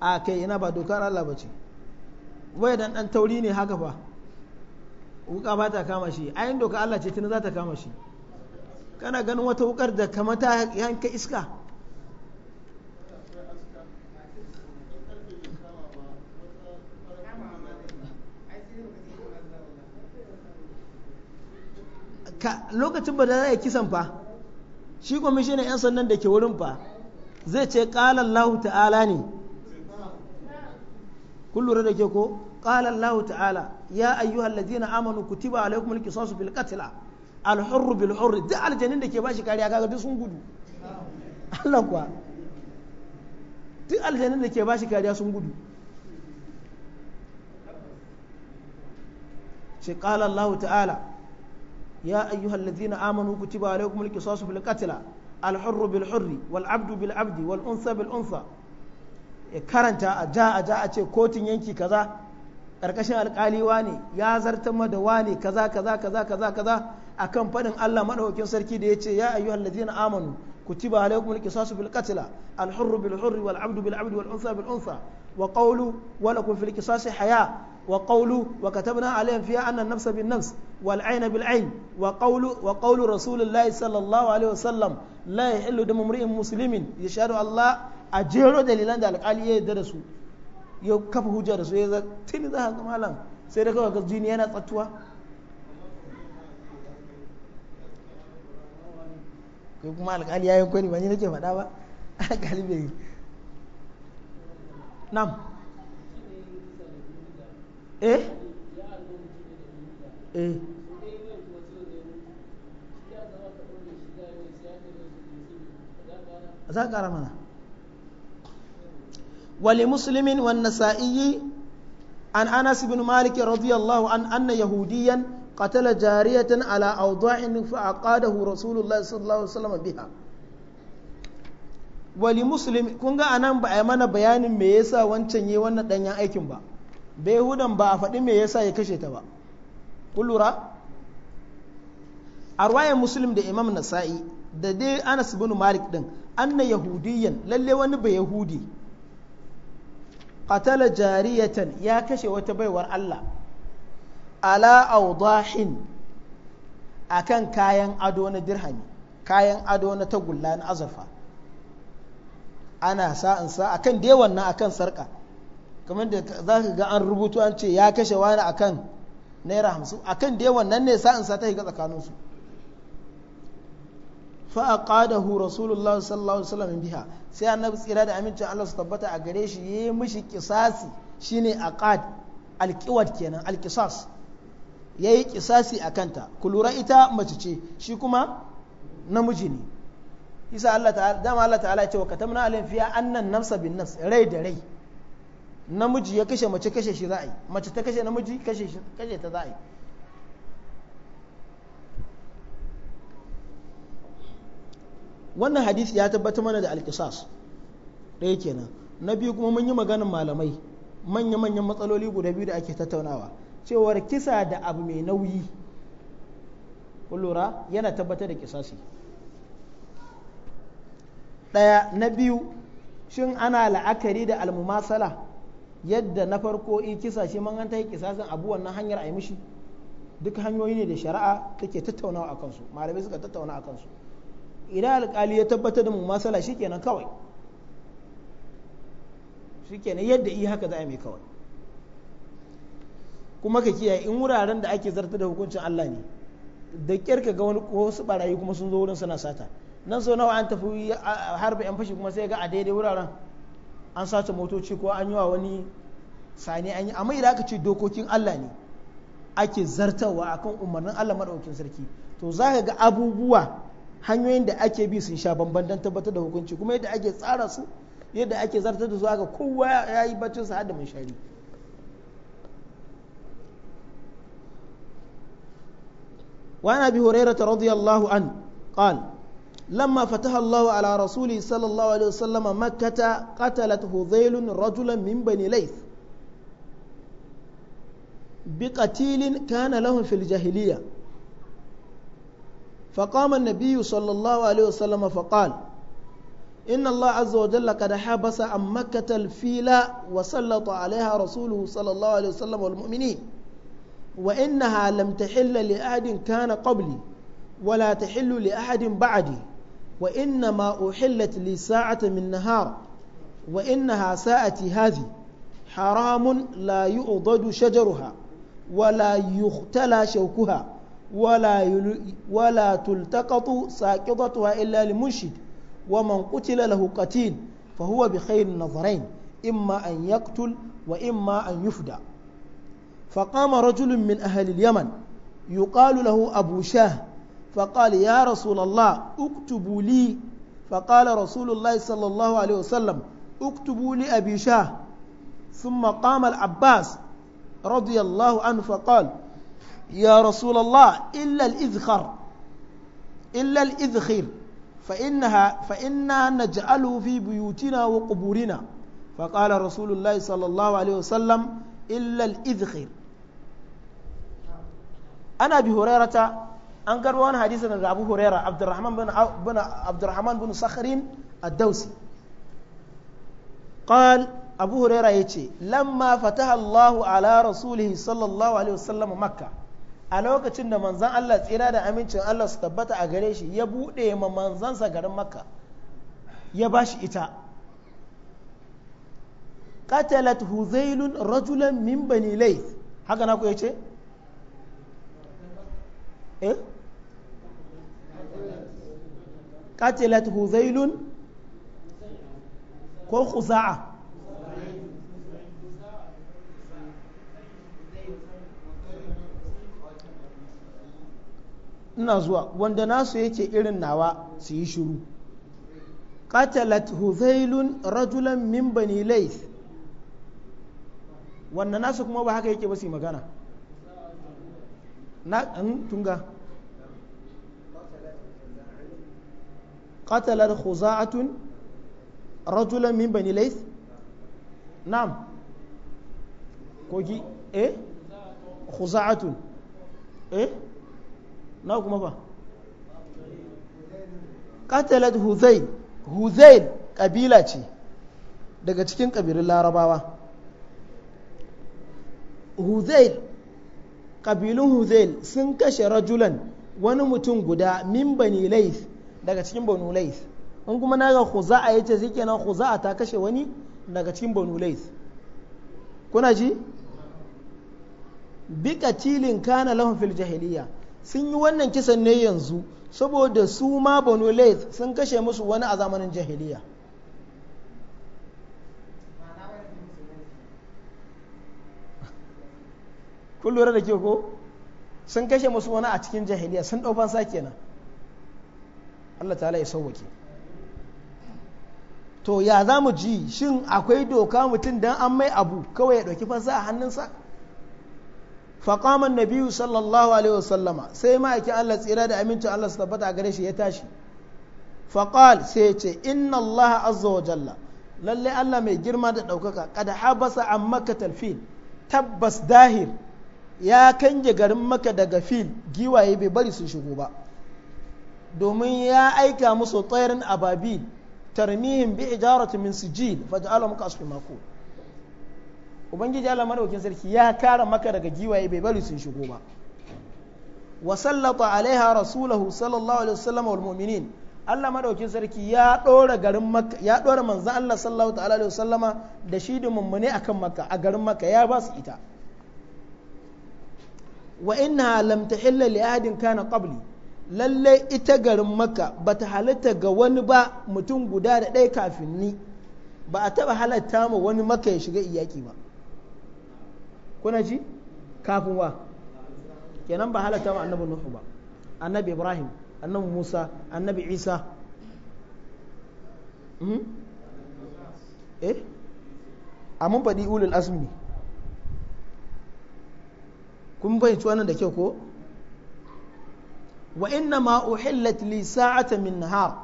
a kai ina ba dokar Allah ba ce wai dan dan tauri ne haka fa wuka ba ta kama shi ayin doka Allah ce tuni za ta kama shi kana ganin wata wukar da kamata yanka iska lokacin ba da za a kisan fa shi ne 'yan sannan da ke wurin fa zai ce ƙala Allah ta'ala ne kun lura da ke ko ƙala Allah ta'ala ya hallazi na amanu tiba alaikum alqisasu fil qatl al hurr bil hurri duk aljanin da ke bashi kariya kaga duk sun gudu Allah kuwa duk aljanin da ke bashi kariya sun gudu ce ƙala Allah ta'ala يا أيها الذين آمنوا كتب عليكم القصاص في القتلى الحر بالحر والعبد بالعبد والأنثى بالأنثى karanta ja a ja a ce kotun yanki kaza ƙarƙashin alƙali wani ya zartar da wane kaza kaza kaza kaza kaza akan fadin Allah maɗaukakin sarki da ya ce ya ayyuhal ladina amanu kutiba alaykum alqisasu bil qatl al hurr bil hurri wal abdu bil abdi wal unsa bil unsa wa qawlu wa lakum fil qisasi haya وقوله وكتبنا عليهم فيها أن النفس بالنفس والعين بالعين وقول وقول رسول الله صلى الله عليه وسلم لا يحل دم امرئ مسلم يشهد الله أجيرو دليلان ده القالي يدرسو يو كف هو درسو يزا تين ده هذا مالام سيرك وجيني أنا تطوع kuma alƙali ya yi kwari ba ni nake faɗa ba alƙali bai nam eh eh za a ƙara mana wali musulmin wan nasa'i an su bin malik radiyallahu an anna yahudiyan قتل جارية ala أوضاع فأقاده رسول الله rasulullah sallallahu عليه وسلم بها wali muslim kun ga anan ba a yi mana bayanin me yasa wancan yi wannan danyen aikin ba bai ba a faɗi me yasa ya kashe ta ba kun lura a muslim da imam nasa'i da dai anas bin malik din anna yahudiyan lalle wani ba yahudi qatala jariyatan ya kashe wata baiwar allah ala awdahin akan kayan ado na dirhami kayan ado na tagulla na azurfa ana sa'ansa akan dewan na akan sarka kamar da za ka ga an rubutu an ce ya kashe wani akan naira hamsin akan dai wannan ne sa'in sa ta shiga tsakaninsu fa'aqadahu rasulullahi sallallahu alaihi wasallam biha sai annabi tsira da amincin Allah su tabbata a gare shi yayi mishi kisasi shine aqad alqiwat kenan alqisas yayi kisasi akanta kulura ita mace ce shi kuma namiji ne isa Allah ta'ala dama Allah ta'ala ya ce wa katamna alayhi fiha annan nafsa bin nafs rai da rai namiji ya kashe mace kashe shi za a yi mace ta kashe namiji kashe ta za a yi wannan hadisi ya tabbata mana da alkisas ɗaya kenan na biyu kuma mun yi maganin malamai manya-manyan matsaloli guda biyu da ake tattaunawa cewar kisa da abu mai nauyi lura yana tabbatar da kisasi ɗaya na biyu shin ana la'akari da almumasala yadda na farko in kisa shi man an ta yi kisasin abu wannan hanyar a yi mishi duk hanyoyi ne da shari'a take tattaunawa a kansu malamai suka tattauna a kansu idan alƙali ya tabbatar da mu masala shikenan kawai kenan yadda i haka za a mai kawai kuma ka kiyaye in wuraren da ake zartar da hukuncin Allah ne da kyar ka ga wani su barayi kuma sun zo wurin suna sata nan so nawa an tafi harba yan fashi kuma sai ga a daidai wuraren an sace motoci ko an yi wa wani sani an yi amma idan aka ce dokokin Allah ne ake zartawa akan umarnin Allah maɗaukin sarki to za ka ga abubuwa hanyoyin da ake bi sun sha bamban don tabbatar da hukunci kuma yadda ake tsara su yadda ake zartar da su haka kowa ya yi bacin sa da mun shari وعن ابي هريره رضي الله عنه قال لما فتح الله على رسوله صلى الله عليه وسلم مكة قتلت هذيل رجلا من بني ليث بقتيل كان لهم في الجاهلية فقام النبي صلى الله عليه وسلم فقال إن الله عز وجل قد حبس عن مكة الفيلة وسلط عليها رسوله صلى الله عليه وسلم والمؤمنين وإنها لم تحل لأحد كان قبلي ولا تحل لأحد بعدي wa inna ma uhillat li sa'ata min nahar wa innaha sa'ati hadhi haramun la yu'dadu shajaruha ولا يختلى شوكها ولا يل... ولا تلتقط ساقطتها الا لمنشد ومن قتل له قتيل فهو بخير النظرين اما ان يقتل واما ان يفدى فقام رجل من اهل اليمن يقال له ابو شاه فقال يا رسول الله اكتبوا لي فقال رسول الله صلى الله عليه وسلم اكتبوا لأبي شاه ثم قام العباس رضي الله عنه فقال يا رسول الله إلا الإذخر إلا الإذخر فإنها فإنا نجعله في بيوتنا وقبورنا فقال رسول الله صلى الله عليه وسلم إلا الإذخر أنا أبي هريرة an karbo wani hadisi daga abu huraira abdurrahman bin abdurrahman bin sakharin ad-dausi qal abu huraira yace lamma fataha Allahu ala rasulihi sallallahu alaihi wasallam makka a lokacin da manzan Allah tsira da amincin Allah su tabbata a gare shi ya bude ma manzansa garin makka ya bashi ita qatalat huzailun rajulan min bani layth haka na ku yace eh qatalat huzailun ko khuza'a ina zuwa wanda nasu yake irin nawa su yi shiru qatalat huzailun rajulan min bani laith wanda nasu kuma ba haka yake ba su yi magana na tunga qatalar khuza'atun رجلا min بني laith نعم كوجي ايه خزاعة ايه kabila ce daga cikin kabilun larabawa huzail kabilun huzayl sun kashe rajulan wani mutum guda min bani laif daga cikin banu lais in kuma na ga khuza'a yace shikenan khuza'a ta kashe wani daga cikin banu lais kuna ji bi katilin kana lahum fil jahiliya sun yi wannan kisan ne yanzu saboda su ma banu lais sun kashe musu wani a zamanin jahiliya kun lura da ke ko sun kashe musu wani a cikin jahiliya sun ɗau sa kenan Allah ta ya sauwake to ya za mu ji shin akwai doka mutum don an mai abu kawai ya ɗauki fansa a hannunsa faƙaman nabiyu sallallahu alaihi wasallama sai ma'aikin Allah tsira da amincin Allah su tabbata a gare shi ya tashi faƙal sai ce inna Allah azza wa jalla lalle Allah mai girma da ɗaukaka kada habasa an maka talfil tabbas dahir ya kange garin maka daga fil giwaye bai bari su shigo ba domin ya aika musu tsayarin ababil tarmihim bi ijaratu min sijil faj'alahum ka asfi ubangiji Allah madaukin sarki ya kare maka daga giwaye bai bari sun shigo ba wa sallata alaiha rasulahu sallallahu alaihi wasallam wal mu'minin Allah madaukin sarki ya dora garin makka ya dora manzon Allah sallallahu ta'ala alaihi wasallama da shi da mummune akan makka a garin makka ya ba su ita wa innaha lam tahilla li ahadin kana qabli lallai ita garin maka ba ta halatta ga wani ba mutum guda da ɗaya kafin ni ba a taɓa halatta ma wani maka ya shiga iyaki ba kuna ji kafin wa kenan ba halatta ma annabi nuhu ba annabi ibrahim annabi musa annabi isa hmm? eh a mun faɗi ulul asmi kun fahimci wannan da kyau ko wa inna ma uhillat li sa'ata min nahar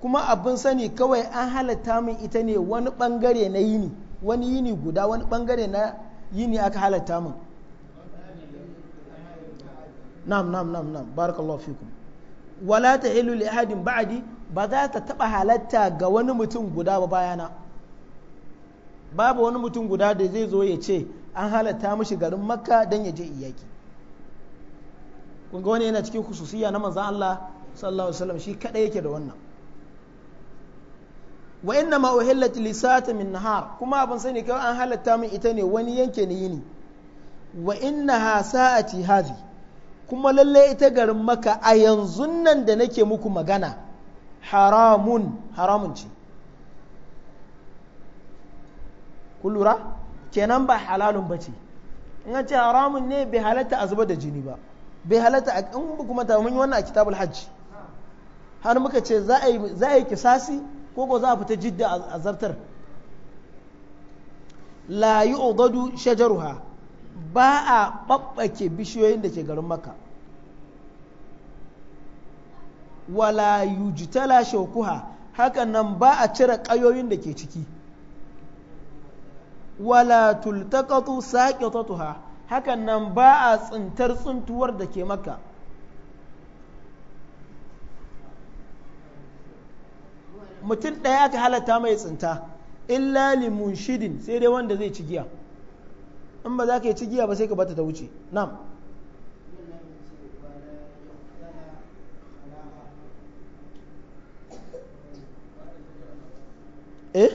kuma abin sani kawai an halatta min ita ne wani bangare na yini wani yini guda wani bangare na yini aka halatta min nam nam nam nam barakallahu fikum wala tahilu li ahadin ba'di ba za ta taba halatta ga wani mutum guda ba bayana babu wani mutum guda da zai zo ya ce an halatta mishi garin makka don ya je iyaki kunga wani yana cikin khususiyya na manzon Allah sallallahu alaihi wasallam shi kadai yake da wannan wa inna ma uhillat li min nahar kuma abin sani kawai an halatta min ita ne wani yanke ni yini wa ha sa'ati hadhi kuma lalle ita garin maka a yanzu nan da nake muku magana haramun haramun ce kun lura kenan ba halalun bace in an ce haramun ne bai halatta a zuba da jini ba bai halatta in ba kuma ta mun yi wannan a kitabul hajji har muka ce za a yi kisasi ko ko za a fita jidda a zartar la yi ogadu shajaruha ba a ɓaɓɓake bishiyoyin da ke garin maka wala yujtala shaukuha hakan nan ba a cire ƙayoyin da ke ciki wala tultaqatu saqitatuha hakan nan ba a tsintar tsintuwar da ke maka mutum ɗaya aka halatta mai tsinta illa limun shidin sai dai wanda zai ci giya in ba za ka yi ci giya ba sai ka bata ta wuce nam eh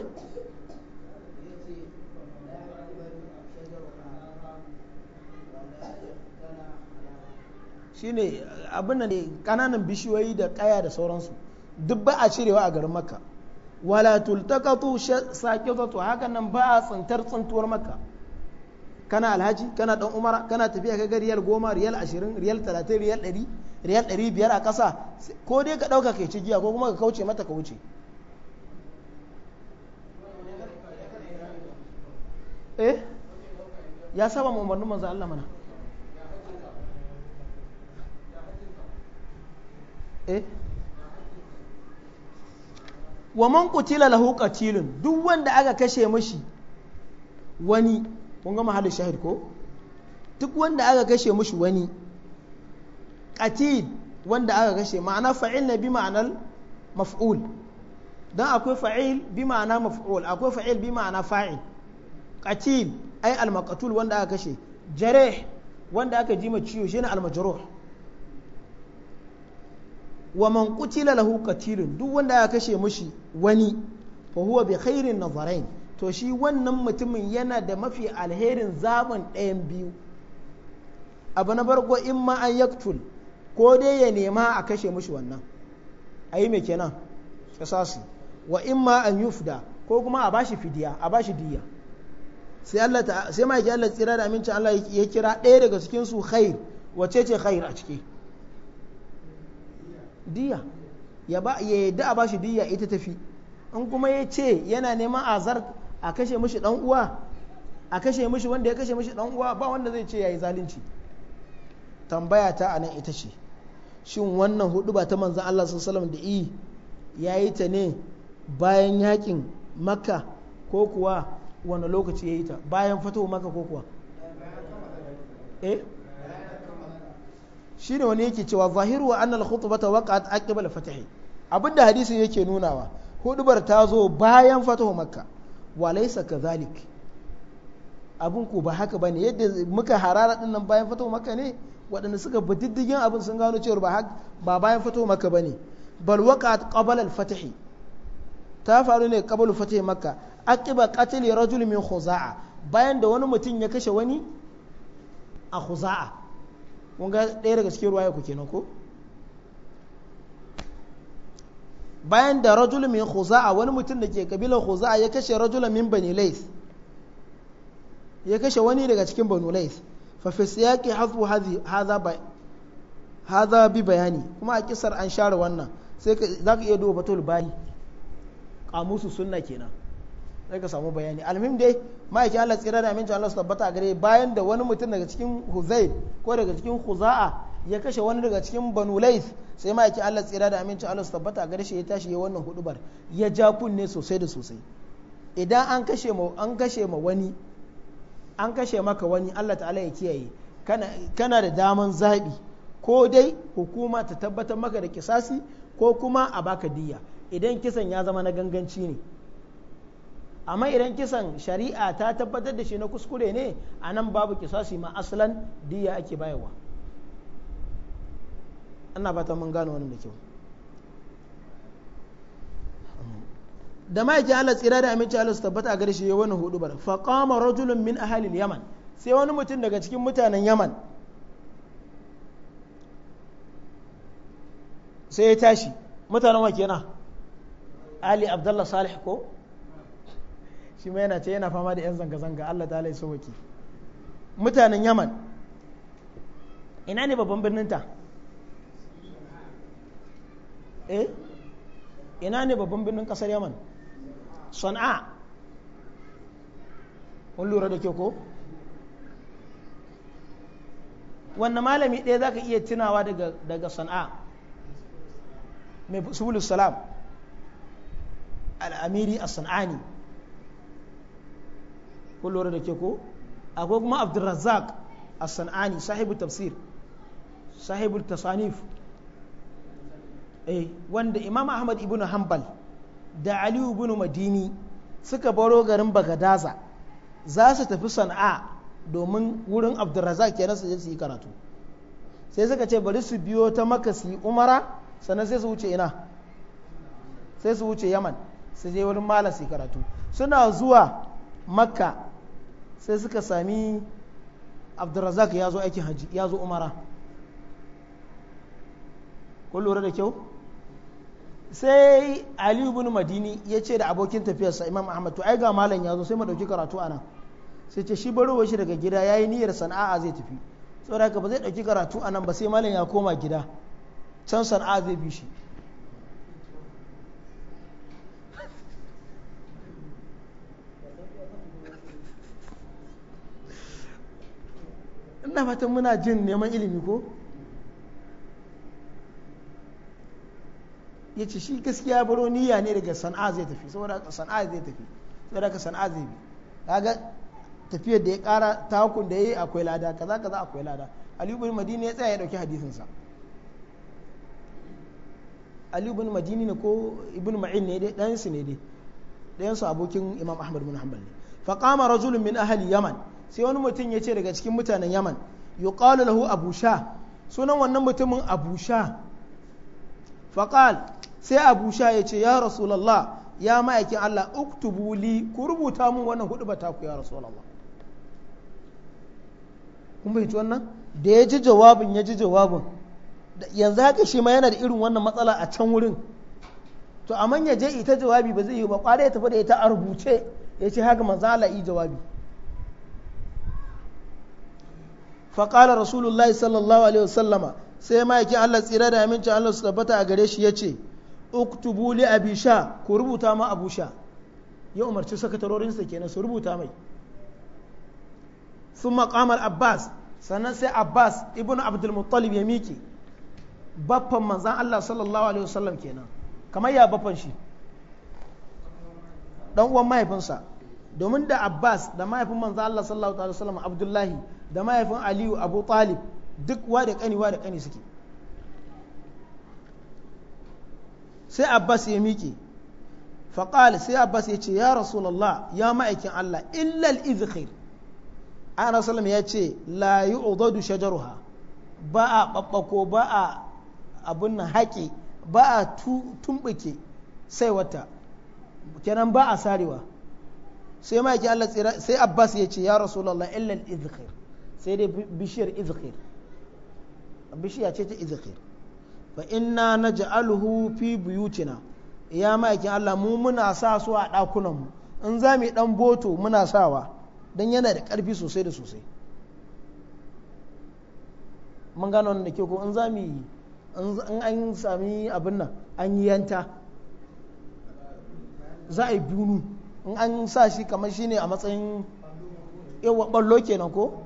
shine abin da ne kananan bishiyoyi da kaya da sauransu duk ba a cirewa a garin makka wala tultaqatu saqitatu hakan nan ba a tsintar tsintuwar makka kana alhaji kana dan umara kana tafiya ka ga riyal goma riyal ashirin riyal talatin riyal ɗari riyal ɗari biyar a ƙasa ko dai ka ɗauka kai ci giya ko kuma ka kauce mata ka wuce eh ya saba mu umarnin manzo Allah mana eh wa man kutila lahu qatilun duk wanda aka kashe mashi wani kun ga mahallin shahid ko duk wanda aka kashe mashi wani qatil wanda aka kashe ma'ana fa'il na bi ma'anar maf'ul dan akwai fa'il bi ma'ana maf'ul akwai fa'il bi ma'ana fa'il qatil ay al-maqtul wanda aka kashe jarih wanda aka ji ma ciwo shine al-majruh wa man qutila lahu katirin duk wanda aka kashe mushi wani fa huwa bi khairin nazarain to shi wannan mutumin yana da mafi alherin zaman ɗayan biyu abu na farko in ma an yaktul ko dai ya nema a kashe mushi wannan a yi mai kenan kisasi wa in ma an yufda ko kuma a bashi fidiya a bashi diya sai Allah ta sai ma Allah tsira da amincin Allah ya kira ɗaya daga cikin su khair wace ce khair a ciki diya ya ba ya yadda a bashi diya ita tafi in kuma ya ce yana neman azar a kashe mishi dan uwa a kashe mishi wanda ya kashe mishi dan uwa ba wanda zai ce yayi zalunci tambaya ta anan ita ce shin wannan hudu ba ta manzon Allah sallallahu alaihi wasallam da yi yayi ta ne bayan yakin makka ko kuwa wani lokaci ya yi ta bayan fito maka ko kuwa eh shine wani yake cewa zahiru wa annal khutbata waqa'at aqibal fatahi abinda hadisi yake nunawa hudubar ta zo bayan fatahu makka wa laysa kadhalik abun ku ba haka bane yadda muka harara din nan bayan fatahu makka ne waɗanda suka bi diddigin abin sun gano cewa ba ba bayan fatahu makka bane bal waqat qabla al fath ta faru ne qabla fath makka aqiba qatl rajul min khuza'a bayan da wani mutum ya kashe wani a khuza'a kun ga ɗaya daga cikin ruwaya ku kenan ko bayan da rajulun min khuza'a wani mutum da ke kabilar khuza'a ya kashe rajulun min bani lais ya kashe wani daga cikin banu lais fa fi siyaqi hadha hadha bi bayani kuma a kisar an share wannan sai zaka iya duba fatul bali. kamusu sunna kenan sai ka samu bayani almin dai ma'aikin Allah tsira da amincin Allah su tabbata a gare bayan da wani mutum daga cikin huzai ko daga cikin huzaa ya kashe wani daga cikin Banu sai ma'aikin Allah tsira da amincin Allah su tabbata a gare shi ya tashi ya wannan hudubar ya ja kunne sosai da sosai idan an kashe ma wani an kashe maka wani Allah ta'ala ya kiyaye kana kana da daman zaɓi ko dai hukuma ta tabbatar maka da kisasi ko kuma a baka diya idan kisan ya zama na ganganci ne amma idan kisan shari'a ta tabbatar da shi na kuskure ne a nan babu kisasi ma asalan diya ake bayarwa ana fata mun gano wannan da kyau da ma yake Allah tsira da aminci Allah su tabbata a gare shi wani hudu bar fa qama rajulun min ahalil yaman sai wani mutum daga cikin mutanen yaman sai ya tashi mutanen wa kenan ali abdullah salih ko shi ma yana ce yana fama da 'yan zanga-zanga Allah ta so waki mutanen yaman ina ne babban birninta eh ina ne babban birnin kasar yaman sana'a kun lura da ke ko wannan malami ɗaya za ka iya tunawa daga sana'a mai subulus salam al'amiri a sana'ani kun lura da ke ko akwai kuma Abdulrazak a sanani sahibu tafsir sahibu tasanif eh wanda imam ahmad ibn hanbal da ali ibn madini suka baro garin bagadaza za su tafi sana'a domin wurin Abdulrazak ke su su yi karatu sai suka ce bari su biyo ta maka umara sannan sai su wuce ina sai su wuce yaman su je wurin malam su yi karatu suna zuwa makka sai suka sami abdurrazak ya zo aikin hajji ya zo umara ko lura da kyau sai aliyu bin madini ya ce da abokin tafiyarsa imam ahmad to ai ga malam ya zo sai mu karatu anan sai ce shi barowar shi daga gida ya yi niyyar sana'a zai tafi saboda ba zai ɗauki karatu anan ba sai malam ya koma gida can sana'a zai bi shi ina fatan muna jin neman ilimi ko ya ce shi gaskiya baro niyya ne daga sana'a zai tafi saboda sana'a zai tafi saboda ka sana'a zai bi kaga tafiyar da ya kara takun da yayi akwai lada kaza kaza akwai lada Ali ibn Madini ya tsaya ya dauki hadisin sa Ali ibn Madini ne ko ibn Ma'in ne dai dan su ne dai dan su abokin Imam Ahmad bin Hanbal ne fa qama rajulun min ahli Yaman sai wani mutum ya ce daga cikin mutanen yaman yuqalu lahu abu sha sunan wannan mutumin abu sha faƙal sai abu sha ya ce ya rasulallah ya ma'aikin Allah uktubu li ku rubuta mun wannan hudu ta ku ya rasulallah kun bai wannan da ya ji jawabin ya ji jawabin yanzu haka shi ma yana da irin wannan matsala a can wurin to amma ya je ita jawabi ba zai yi ba kwarai ya tafi da ita a rubuce ya ce haka manzo Allah jawabi faƙala rasulullahi sallallahu alaihi wasallama sai ma'aikin allah tsira da amincin allah su tabbata a gare shi ya ce uktubu li abi sha ku rubuta ma abu sha ya umarci sakatarorinsa kenan su rubuta mai sun maƙamar abbas sannan sai abbas ibn abdul muttalib ya miƙe baffan manzan allah sallallahu alaihi wasallam kenan kamar ya baffan shi dan uwan mahaifinsa domin da abbas da mahaifin manzo Allah sallallahu alaihi wasallam abdullahi da mahaifin aliyu abu talib duk wa da kani wa da kani suke sai abbas ya miƙe faƙal sai abbas ya ce ya rasulallah ya ma'aikin allah illal izkhir ana sallam ya ce la yi yu'dadu shajaruha ba a babbako ba a abin nan haƙi ba a tumbuke sai wata kenan ba a sarewa sai ma yake Allah tsira sai Abbas ya ce ya Rasulullah illa al-izkhir sai dai bishiyar izkhir bishiya ce ta izkhir fa inna naj'aluhu fi buyutina ya ma yake Allah mu muna sa su a dakunan mu in za mu yi dan boto muna sawa dan yana da karfi sosai da sosai mun gano wanda ke ko in za mu yi in an sami abin nan an yi yanta za a yi bunu in an sa shi kamar shi ne a matsayin yawa ke kenan ko?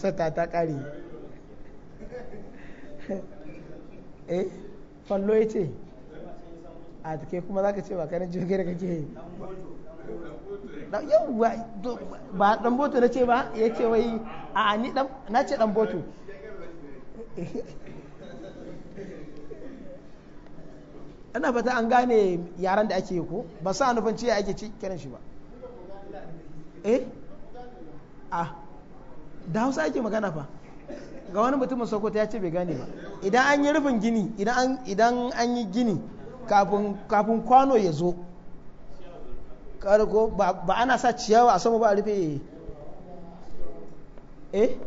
ta ta ƙari eh ɓallo ya ce a take kuma za ka ce ba kanin jirgin da kake yi ba ɗan boto na ce ba ya ce wai a ni na ce ɗan boto ana fata an gane yaran da ake ko ba sa nufin ciye ake ci kiran shi ba eh a da hausa ake magana fa ga wani mutumin sokoto ya ce bai gane ba idan an yi rufin gini idan an yi gini kafin kwano ya zo ko ba ana sa ciyawa a sama ba a rufe eh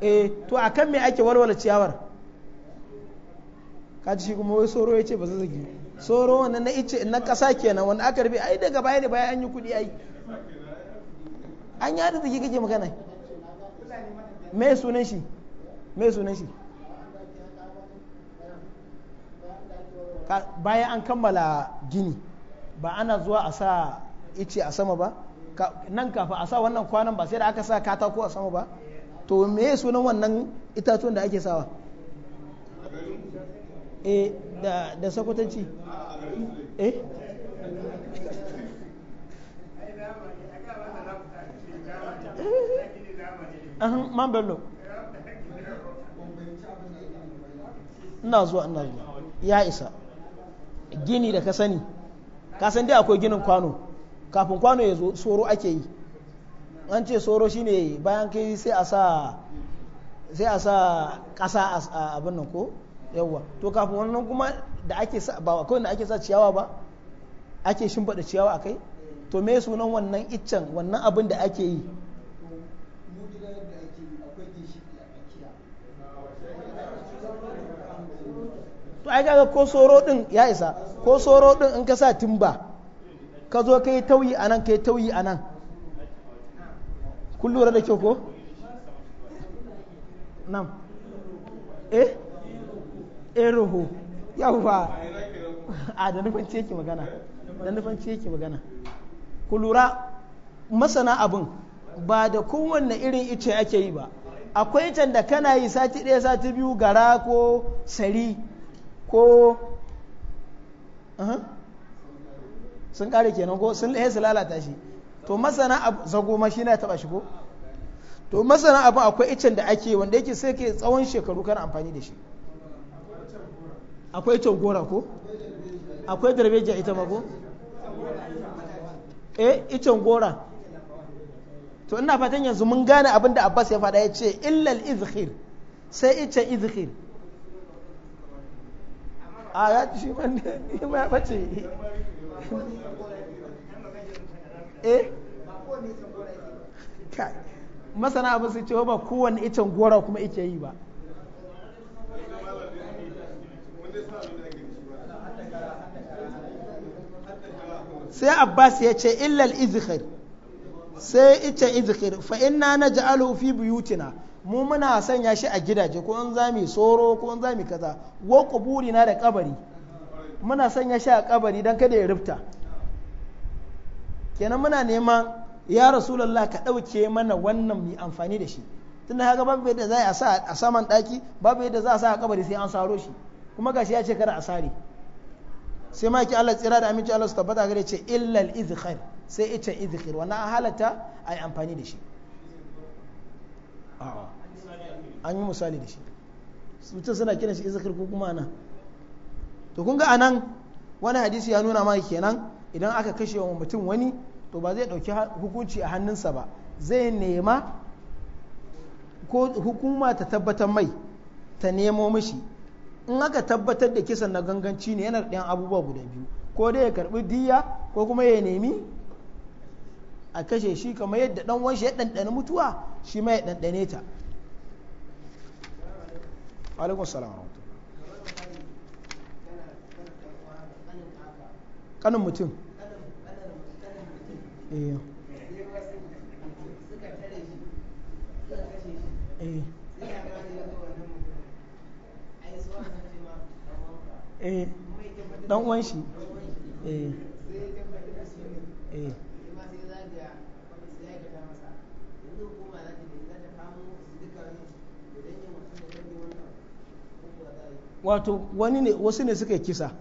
eh to akan me ake walwala ciyawar kaji shi kuma wai soro ya ce ba zazzagi soro wanda na ice na kasa kenan wanda aka rufe ai daga baya da baya an yi kuɗi ai an yi arziki kake magana me sunan shi me sunan shi bayan an kammala gini ba ana zuwa a sa ice a sama ba nan kafa a sa wannan kwanan ba sai da aka sa katako a sama ba to me sunan wannan itatuwan da ake sawa Eh, da sakwatanci eh ina zuwa ina zuwa ya isa gini da ka sani ka dai akwai ginin kwano kafin kwano ya zo soro ake yi an ce soro shine bayan kai sai a sa sai a sa ƙasa a abin nan ko yawwa to kafin wannan kuma da ake sa ba akwai da ake sa ciyawa ba ake shimfiɗa ciyawa akai to me sunan wannan iccen wannan abin da ake yi to ai kaga ko soro din ya isa ko soro din in ka sa timba ka zo ka yi tauyi a nan ka yi tauyi a nan kun lura da kyau ko? nan eh Yau yawwa a da nufin yake magana da nufin yake magana ku lura masana abin ba da kowanne irin ice ake yi ba akwai can da kana yi sati ɗaya sati biyu gara ko sari ko sun kare kenan ko sun ɗaya su lalata shi to masana abu zago mashi na taɓa shi ko to masana abu akwai icen da ake wanda yake sai ke tsawon shekaru kana amfani da shi akwai tagora ko akwai darbejiya ita ma ko eh ita gora to ina fatan yanzu mun gane abin da abbas ya faɗa ya ce illal izhir sai ita izhir a ya ci wanda ya bace eh masana abin su ce ba kowane icen gora kuma ike yi ba sai abbas ya ce illal izhir sai ita izhir fa inna naj'aluhu fi buyutina mu muna sanya shi a gidaje ko in za mu soro ko in za kaza wa na da kabari muna sanya shi a kabari dan kada ya rufta kenan muna neman ya rasulullah ka ɗauke mana wannan mu amfani da shi tunda haka babu yadda za a sa a saman ɗaki babu yadda za a sa a kabari sai an saro shi kuma gashi ya ce kada a sare sai ma ki Allah tsira da aminci Allah su tabbata gare ce illal izkhir sai ita izkhir wannan a halatta ai amfani da shi a'a an yi misali da shi su ce suna kiran shi izkhir ko kuma nan to kun ga anan wani hadisi ya nuna ma kenan idan aka kashe wa mutum wani to ba zai dauki hukunci a hannunsa ba zai nema ko hukuma ta tabbatar mai ta nemo mishi in aka tabbatar da kisan na ganganci ne yana ɗan abubuwa guda biyu ko dai ya karɓi diya ko kuma ya nemi a kashe shi kamar yadda ɗan wanshi ya ɗanɗana mutuwa shi ma ya ɗanɗane ta alaikun salam kanin mutum eh. Eh. Eh, dan uwan shi eh, eh wato wani ne wasu ne suka yi kisa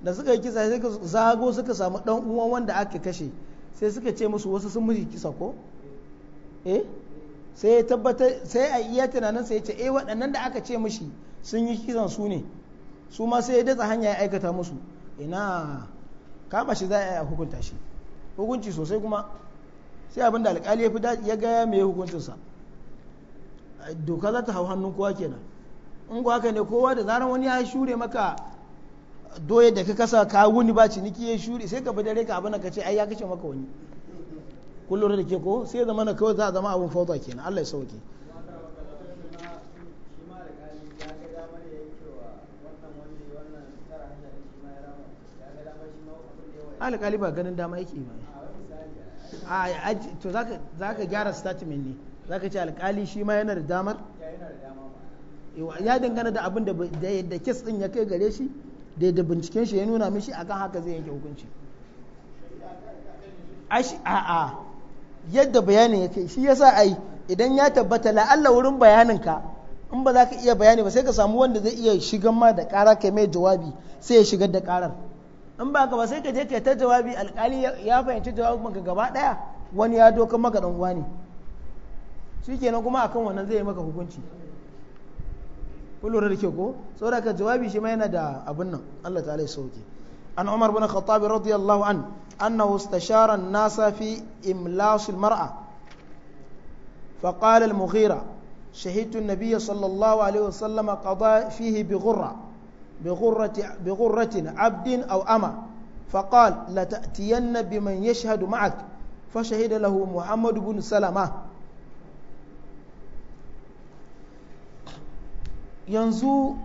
da suka yi kisa sai zago suka samu dan uwan wanda aka kashe sai suka ce musu wasu sun miji kisa ko eh sai ya tabbatar sai a iya tunanin sai ya ce eh waɗannan da aka ce mishi sun yi kisan su ne su ma sai ya datsa hanya ya aikata musu ina kama shi za a yi a hukunta shi hukunci sosai kuma sai abin da alkali ya fi ya gaya mai hukuncinsa doka za ta hau hannun kowa kenan in kuwa haka ne kowa da zaran wani ya shure maka doya da ka kasa ka wuni ba ciniki ya shure sai ka bi dare ka abin ka ce ai ya kashe maka wani kullum da ke ko sai zama na kawai za a zama abin fauta kenan Allah ya sauke alƙali ba ganin dama yake ba a to za ka gyara statement ne za ka ce alƙali shi ma yana da damar ya dangana da abin da yadda kes din ya kai gare shi da yadda binciken shi ya nuna mishi akan haka zai yanke hukunci a'a yadda bayanin ya kai shi yasa ai idan ya tabbata la'alla wurin bayanin ka in ba za ka iya bayani ba sai ka samu wanda zai iya shigan ma da ƙara kai mai jawabi sai ya shigar da ƙarar in ba ka ba sai ka je ka ta jawabi alkali ya fahimci jawabin ka gaba daya wani ya doka maka dan uwa ne shikenan kuma akan wannan zai yi maka hukunci ku lura da ko saboda ka jawabi shi ma yana da abin nan Allah ta'ala ya sauke an Umar bin Khattab radiyallahu an annahu istashara an-nasa fi imlas al-mar'a فقال muhira شهدت النبي sallallahu alaihi عليه وسلم قضى فيه بغرة بغرة, بغرة عبد أو أما فقال لتأتين بمن يشهد معك فشهد له محمد بن سلمة yanzu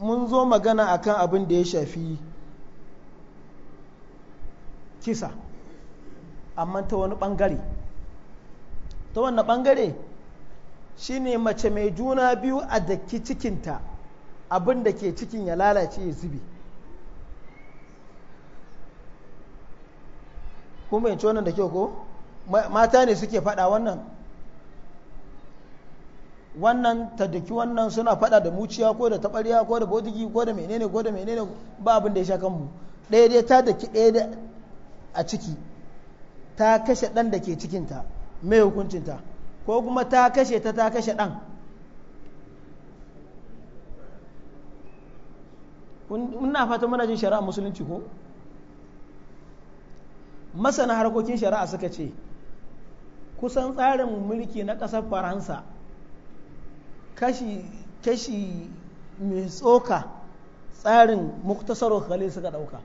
mun zo magana akan abin da ya shafi kisa amma ta wani bangare ta wani bangare shine mace mai juna biyu a daki cikinta abin da ke cikin ya lalace ya zube kuma yanci wannan da kyau ko mata ne suke fada wannan wannan ta daki wannan suna fada da muciya ko da tabariya ko da bodigi ko da menene ko da menene ba abin da ya sha kanmu ɗaya dai ta daki ɗaya a ciki ta kashe ɗan da ke cikinta mai hukuncinta ko kuma ta kashe ta ta kashe ɗan muna fata muna jin shari'a musulunci ko masana harkokin shari'a suka ce kusan tsarin mulki na ƙasar faransa kashi mai tsoka tsarin muktasarun khalil suka ɗauka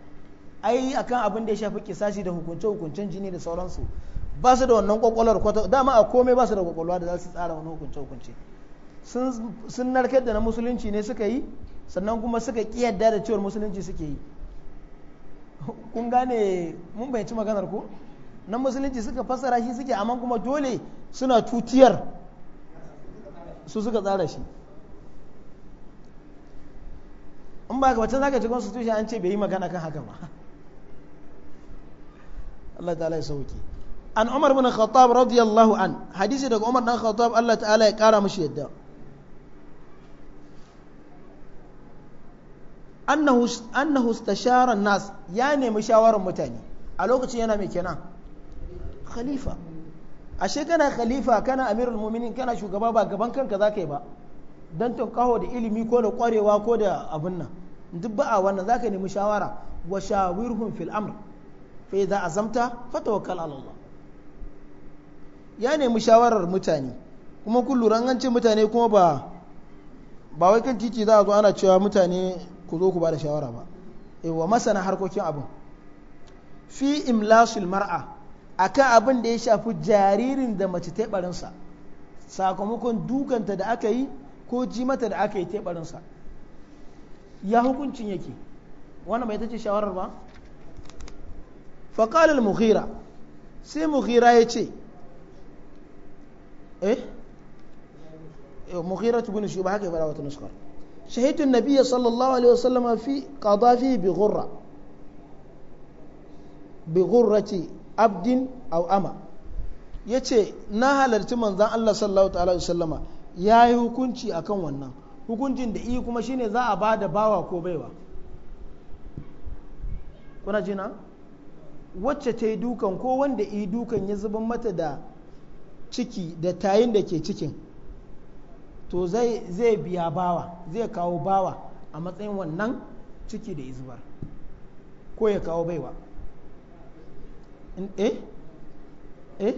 ai akan abin da ya shafi kisashi da hukunce-hukuncen jini da sauransu ba su da wannan kwakwalwar kwata dama a komai ba su da kwakwalwa da za su tsara wani hukunce-hukunce sun narkar da na musulunci ne suka yi sannan kuma suka ƙi yadda da cewar musulunci suke yi kun gane mun ci maganar ko nan musulunci suka fassara shi suke amma kuma dole suna tutiyar su suka tsara shi in ba ka wacce za ka ci constitution an ce bai yi magana kan haka ba Allah ta'ala ya sauki an Umar bin Khattab radiyallahu an hadisi daga Umar dan Khattab Allah ta'ala ya kara mishi yadda annahu husta sharan nas ya nemi shawarar mutane a lokacin yana mai kenan khalifa ashe kana khalifa kana amirul mu'minin kana shugaba ba gaban kanka zaka yi ba dan kawo da ilimi ko da kwarewa ko da abin nan duk ba a wannan zaka nemi shawara wa shawirhum fil amr fa idza azamta fatawakkal ala Allah ya nemi shawarar mutane kuma kullu lura mutane kuma ba ba wai kan titi za a zo ana cewa mutane ku zo ku ba da shawara ba wa masana harkokin abin fi imlasul mar'a akan abin da ya shafi jaririn da mace teɓarinsa sakamakon dukanta da aka yi ko ji mata da aka yi teɓarinsa ya hukuncin yake wannan bai ta ce shawarar ba faƙalar muhira sai muhira ya ce eh muhira ta gudun shi ba haka ya fara wata nuskar شهيد النبي صلى الله عليه وسلم في فيه بغرة بغرة عبد أو أما yace na halarci ذا Allah sallallahu الله sallama ya yi hukunci akan wannan hukuncin da iya kuma shine za a ba da bawa ko baiwa kuna jina wacce ta yi dukan ko wanda iya dukan ya zuba mata da ciki da tayin da ke cikin to zai biya bawa zai kawo bawa a matsayin wannan ciki da izubar ko ya kawo baiwa eh eh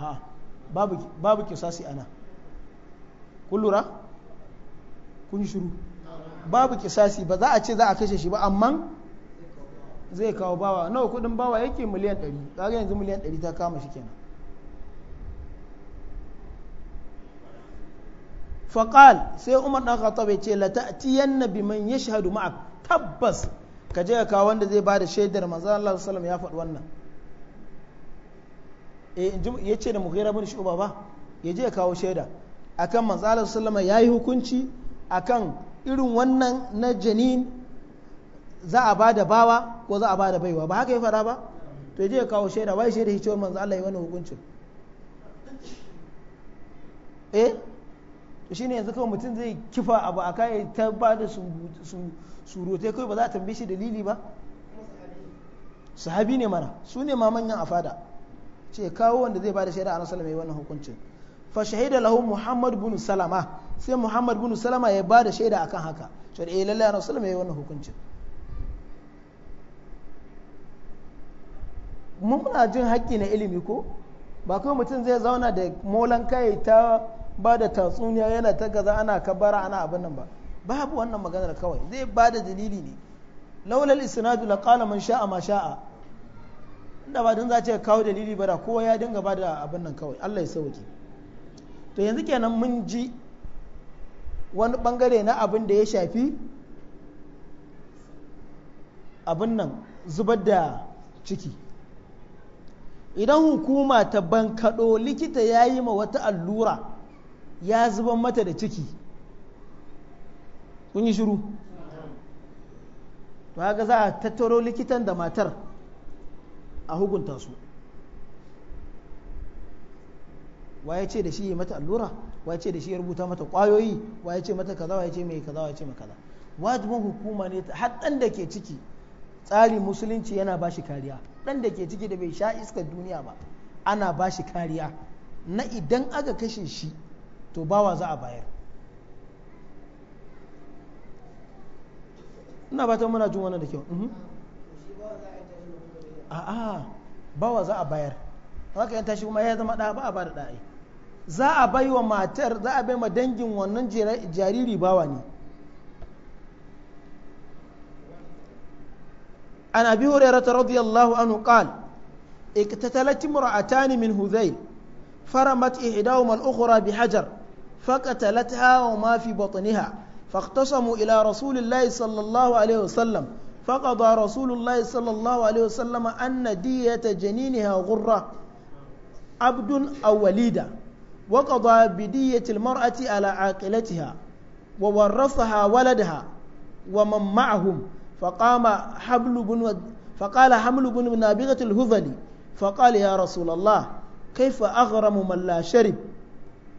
a babu babu kisasi ana kun lura kun shiru babu kisasi ba za a ce za a kashe shi ba amma zai kawo bawa nawa kudin bawa yake miliyan 100 kaga yanzu miliyan 100 ta kama shi kenan faƙal sai umar ɗan khattab ya ce lata'tiyanna biman yashhadu ma'ak tabbas ka je ka kawo wanda zai ba da shaidar manzon Allah sallallahu ya faɗi wannan eh ya ce da mughira bin shuba ba ya je ya kawo shaida akan manzon Allah sallallahu ya yi hukunci akan irin wannan na janin za a ba da bawa ko za a ba da baiwa ba haka ya fara ba to ya je ya kawo shaida wai shaida shi ce manzon Allah ya wani hukuncin eh shi ne yanzu kawai mutum zai kifa abu a kai ta ba da surutai kawai ba za a tambaye shi dalili ba sahabi ne mana su ne ma manyan a fada ce kawo wanda zai ba da shaida a nasu yi wannan hukuncin fa shahida lahu muhammad bin salama sai muhammad bin salama ya ba da shaida akan haka to eh lalle a nasu yi wannan hukuncin Mun muna jin haƙƙi na ilimi ko ba kawai mutum zai zauna da molan kai ta ba da tatsuniya yana ta gaza ana kabara ana abin nan ba babu wannan maganar kawai zai ba da dalili ne laulal isnadu la qala man sha'a ma sha'a inda ba dun za ce kawo dalili ba da kowa ya dinga ba da abin nan kawai Allah ya sauke to yanzu kenan mun ji wani bangare na abin da ya shafi abin nan zubar da ciki idan hukuma ta bankado likita ya yi ma wata allura ya zuban mata da ciki kun yi shiru to haka za a tattaro likitan da matar a hukunta su wa ya ce da shi yi mata allura wa ya ce da shi ya rubuta mata kwayoyi wa ya ce mata kaza wa ya ce mai kaza wa ya ce mai kaza wajibin hukuma ne har dan da ke ciki tsari musulunci yana ba shi kariya ɗan da ke ciki da bai sha iskar duniya ba ana ba shi kariya na idan aka kashe shi to bawa za a bayar ina ba ta muna jin wannan da kyau mhm. a'a bawa za a bayar za ka yanta shi kuma ya zama ɗa ba a ba da ɗa'ai za a bai wa matar za a bai ma dangin wannan jariri bawa ne an abi hurairata radiyallahu anhu qal اقتتلت امرأتان من هذيل فرمت إحداهما الأخرى Hajar. فقتلتها وما في بطنها فاختصموا إلى رسول الله صلى الله عليه وسلم فقضى رسول الله صلى الله عليه وسلم أن دية جنينها غرة عبد أو وليدة وقضى بدية المرأة على عاقلتها وورثها ولدها ومن معهم فقام حبل بن فقال حمل بن نابغة الهذلي فقال يا رسول الله كيف أغرم من لا شرب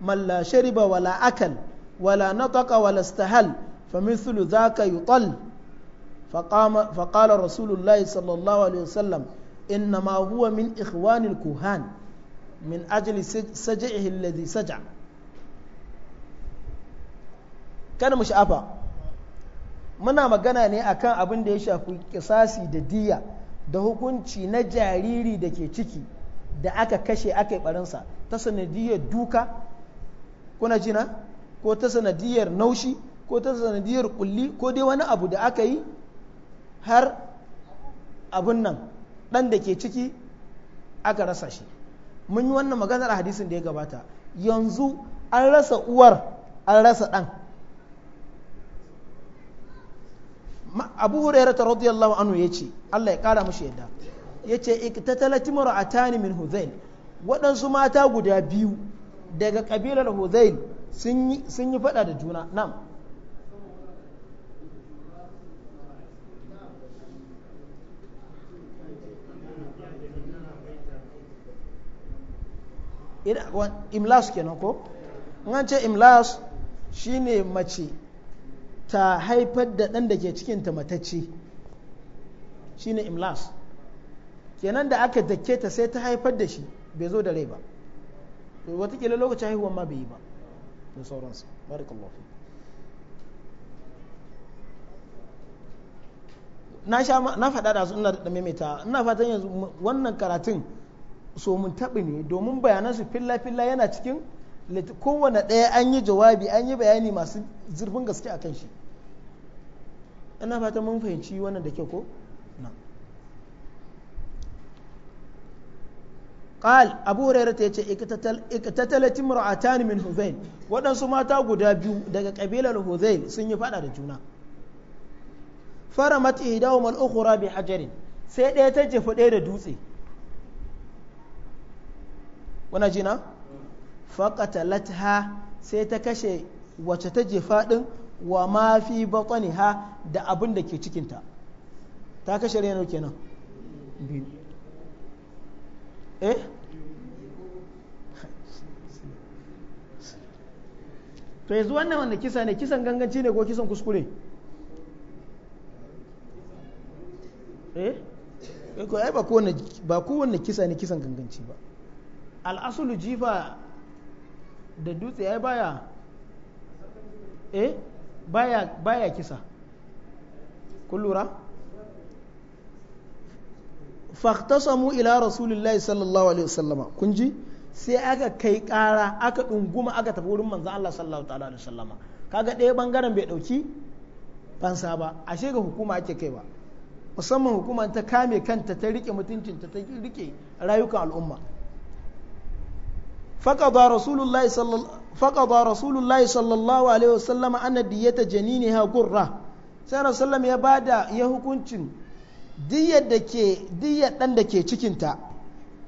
من لا شرب ولا أكل ولا نطق ولا استهل فمثل ذاك يطل فقام فقال رسول الله صلى الله عليه وسلم إنما هو من إخوان الكهان من أجل سجعه الذي سجع كان مش أبا muna magana ne akan abin da ya shafi kisasi da diya da hukunci na jariri da ke ciki da aka kashe aka yi barinsa ta sanadiyar duka kuna jina ko ta sanadiyar naushi ko ta sanadiyar kulli ko dai wani abu da aka yi har abun nan ɗan da ke ciki aka rasa shi mun yi wannan maganar hadisin da ya gabata yanzu an rasa uwar an rasa ɗan abu hurairah radiyallahu anhu ya ce allah ya kara mushi yadda ya ce iktatala timur atani min huzail waɗansu mata guda biyu daga kabilar huzail sun yi fada da juna nam imlas kenan ko an ce imlas shine mace ta haifar da ɗan da ke cikinta matacce shine imlas kenan da aka dake ta sai ta haifar da shi bai zo da rai ba watakila lokacin haihuwan ma bai yi ba da sauransu barakallahu lafi na na faɗa da su ina da maimaita ina fatan yanzu wannan karatun so mun taɓi ne domin bayanan su filla filla yana cikin kowane ɗaya an yi jawabi an yi bayani masu zurfin gaske akan shi ina fatan mun fahimci wannan da ke ko qal abu hurairah yace iktatalat imra'atan min huzain waɗansu mata guda biyu daga kabilar huzail sun yi faɗa da juna faramat ihdahuma al-ukhra bi hajarin sai ɗaya ta jefa ɗaya da dutse wana jina faqatalatha sai ta kashe wacce ta jefa din wa mafi fi bataniha da abin da ke cikinta ta kashe reno kenan biyu eh to yanzu wannan wanda kisa ne kisan ganganci ne ko kisan kuskure eh, eh ko ai ba kowanne ba kisa ne kisan ganganci ba al'asulu jifa da dutse ai baya eh baya baya kisa kun lura fahtasamu ila rasulullahi sallallahu alaihi wasallama kun ji sai aka kai kara aka dunguma aka tafi wurin manzo Allah sallallahu ta'ala alaihi wasallama kaga ɗaya bangaren bai dauki fansa ba ashe ga hukuma ake kai ba musamman hukuma ta kame kanta ta rike mutuncinta ta rike rayukan al'umma فقضى رسول sallallahu alaihi فقضى رسول الله صلى الله عليه وسلم sai Rasulullah ya bada ya hukuncin diyyar da ke ɗan da ke cikinta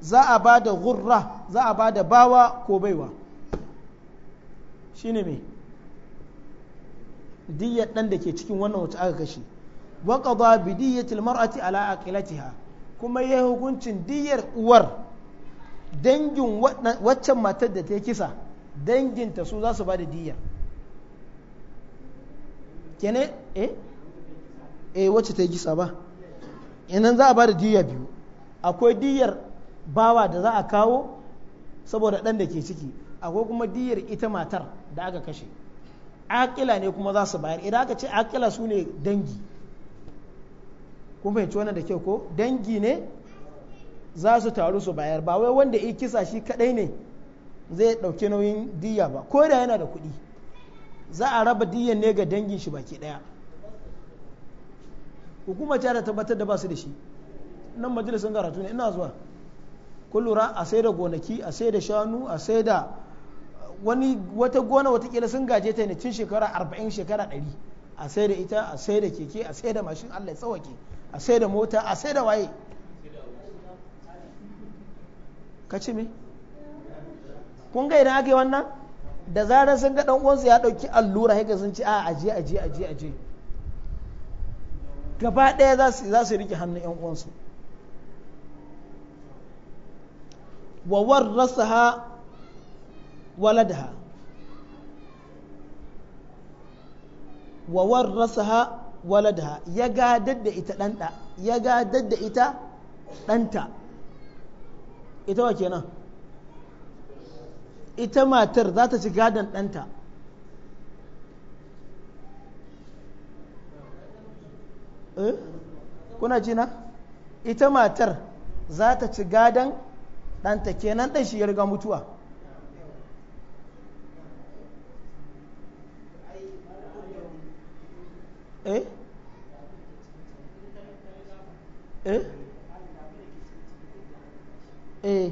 za a ba da gurra za a ba da bawa ko baiwa shine me diyyar ɗan da ke cikin wannan wacce aka kashe wa qada bi diyyatil mar'ati ala aqilatiha kuma ya hukuncin diyyar uwar dangin waccan matar da ta kisa danginta su za su ba da diyyar kene eh eh wacce ta yi kisa ba inan za a ba da diya biyu akwai diyar bawa da za a kawo saboda ɗan da ke ciki akwai kuma diyar ita matar da aka kashe akila ne kuma za su bayar idan aka ce akila su ne dangi kun fahimci wannan da kyau ko dangi ne za su taru su bayar ba wai wanda ya kisa shi kadai ne zai ɗauki nauyin diya ba ko da yana da kuɗi za a raba diyan ne ga dangin shi baki ɗaya hukuma ta tabbatar da ba su da shi nan majalisun karatu ne ina zuwa kullura a sai da gonaki a sai da shanu a sai da uh, wani wata gona watakila sun gaje ta ne tun shekara arba'in shekara ɗari a sai da ita a sai da keke a sai da mashin allah ya tsawake a sai da mota a sai da waye ka ce me kun ga idan aka yi wannan da zarar sun ga dan uwansu ya dauki allura haka sun ci a aje aje aje aje gaba ɗaya za su rike hannun 'yan uwansu wa warrasaha waladaha wa warrasaha waladaha ya gadar da ita ɗanta ya gadar da ita ɗanta ita wa kenan ita matar za ta ci gadon ɗanta Eh? kuna jina ita matar za ta ci gadon ɗanta kenan ɗan shi ya riga mutuwa eh eh eh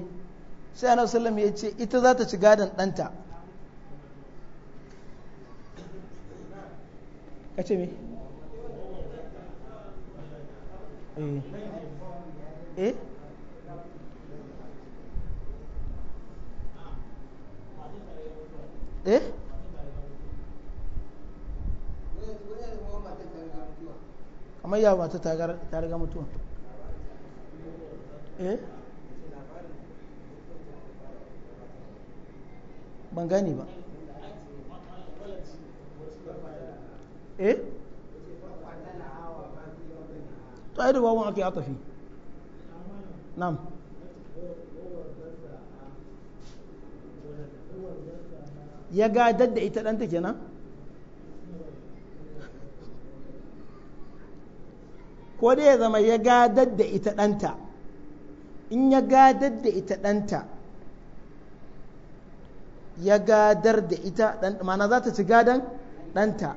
sai ana sallam ya ce ita za ta ci gadon ɗanta ka ce mai Eh. eh eh kamar ya mata ta riga mutuwa eh ban gani ba eh to ai da wawan ake atafi na'am ya gadar da ita ɗanta kenan ko dai ya zama ya gadar da ita ɗanta in ya gadar da ita ɗanta ya gadar da ita mana za ta ci gadon ɗanta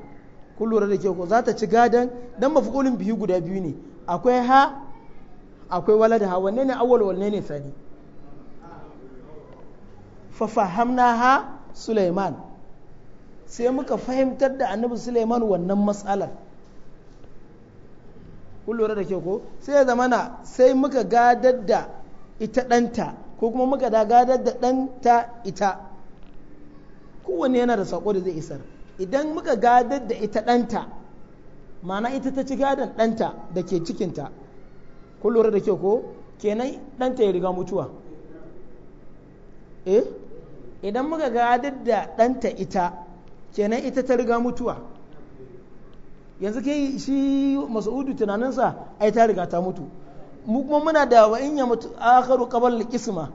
kun lura da ke ko za ta ci gadon don mafi biyu guda biyu ne akwai ha akwai wala da ha wanne ne awwal wanne ne sani fa fahamna ha Sulaiman sai muka fahimtar da annabi Sulaiman wannan matsalar kun da ke ko sai ya zamana sai muka gadar da ita ɗanta ko kuma muka da gadar da ɗanta ita kowanne yana da saƙo da zai isar idan muka gadar da ita ɗanta ma'ana ita ta ci gadon ɗanta da ke cikinta kun lura da kyau ko kenan ɗanta ya riga mutuwa eh idan muka gadar da ɗanta ita kenan ita ta riga mutuwa yanzu kai shi masu'udu tunaninsa ai ta riga ta mutu mu kuma muna da wa in ya mutu akharu qabl qisma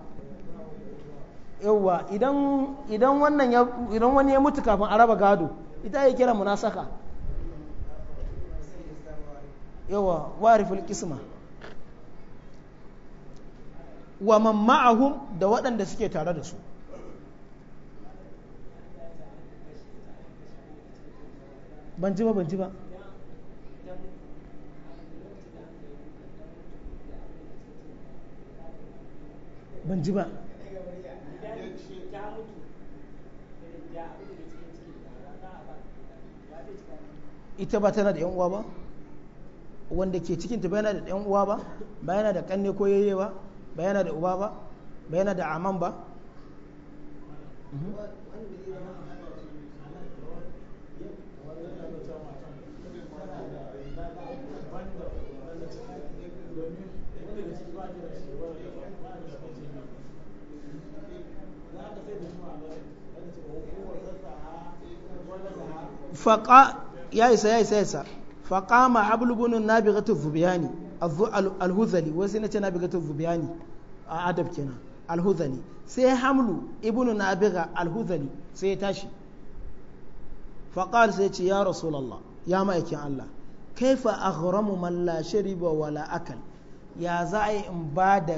yawa idan idan wannan ya idan wani ya mutu kafin a raba gado ita ya kira munasaka yawa warifin kisma wa man ma'ahum da waɗanda suke tare da su ban ji ba ban ji ba ban ji ba ita ba tana da yan uwa ba wanda ke cikin ta bayana da ɗan uwa ba bayana da kanne ko yayye ba bayana da uba ba bayana da aman ba faƙa ya isa ya isa ya isa فقام حبل بن نابغة الذبياني الهذلي وسنة نابغة الذبياني أدب كنا الهذلي سي حمل ابن نابغة الهذلي سي تاشي فقال سيتي يا رسول الله يا مايك يا الله كيف أغرم من لا شرب ولا أكل يا زعي بعد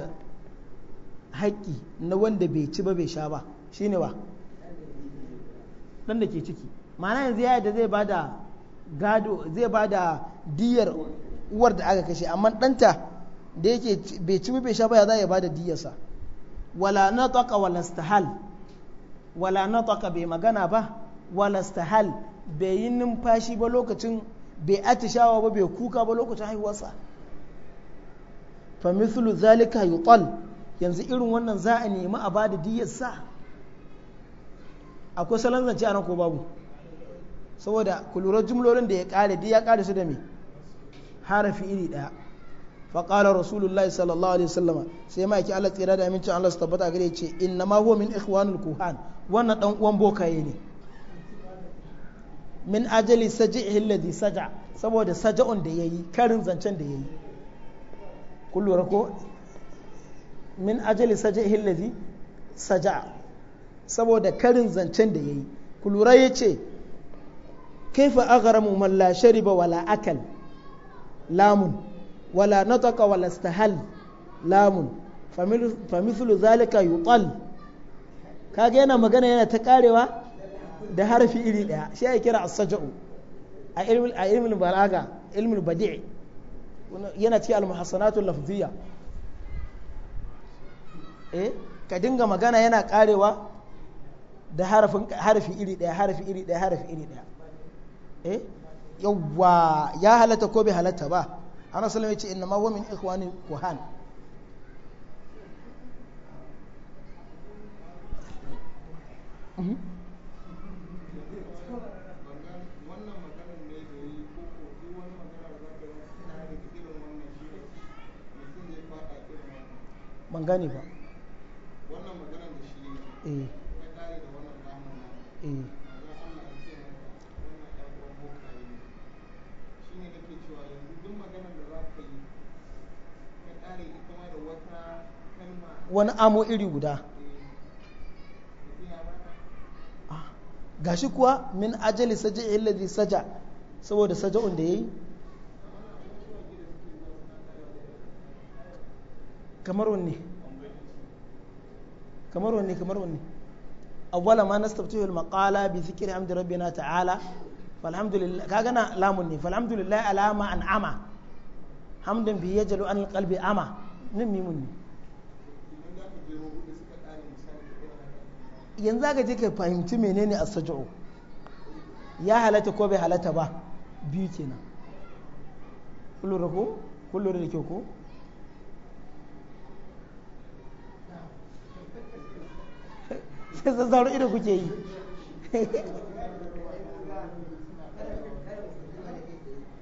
haƙƙi na wanda bai ci ba bai sha ba shine ba dan da ke ciki ma'ana yanzu ya da zai bada gado zai ba da diyar uwar da aka kashe amma ɗanta da yake bai ci bai sha baya za ya ba da diyarsa wala na taka wala stahal wala na taka bai magana ba wala stahal bai yi numfashi ba lokacin bai atishawa ba bai kuka ba lokacin haihuwarsa fa zalika yuqal yanzu irin wannan za a nemi a ba da diyarsa akwai salon zance a nan ko babu saboda ku lura jumlolin da ya kare duk ya kare su da me harafi iri daya fa qala rasulullahi sallallahu alaihi wasallam sai ma yake Allah tsira da amincin Allah su tabbata gare ce inna ma huwa min ikhwanul kuhan wannan dan uwan bokaye ne min ajali sajihi alladhi saja saboda saja'un da yayi karin zancen da yayi kun lura ko min ajali sajihi alladhi saja saboda karin zancen da yayi ku lura yace kaifa aghramu man la shariba wala akal lamun wala nataka wala istahal lamun famithlu zalika yutal kaga yana magana ta karewa da harfi iri daya shi kira as a ilmin a ilmin balaga yana eh ka dinga magana yana karewa da harafin iri daya harafi iri daya iri daya Eh? yawwa ya halatta ko bai halatta ba ana salama ya ce ina ma wamin ikhwani kuhan ban gane ba wannan maganar da shi ne eh wani amo iri guda ah, gashi kuwa min ajali saja illazi saja saboda saja'un da yayi kamar wanne kamar wanne kamar wanne awwala ma nastaftihu al bi dhikri hamdi rabbina ta'ala falhamdulillah kaga na lamun ne falhamdulillah alama an'ama hamdan bi yajlu an al ama ne yanzu zaka je ka fahimci menene a sajo ya halatta ko bai halatta ba biyu kenan kullu ko kullu da ke ko sai zazzaro ido kuke yi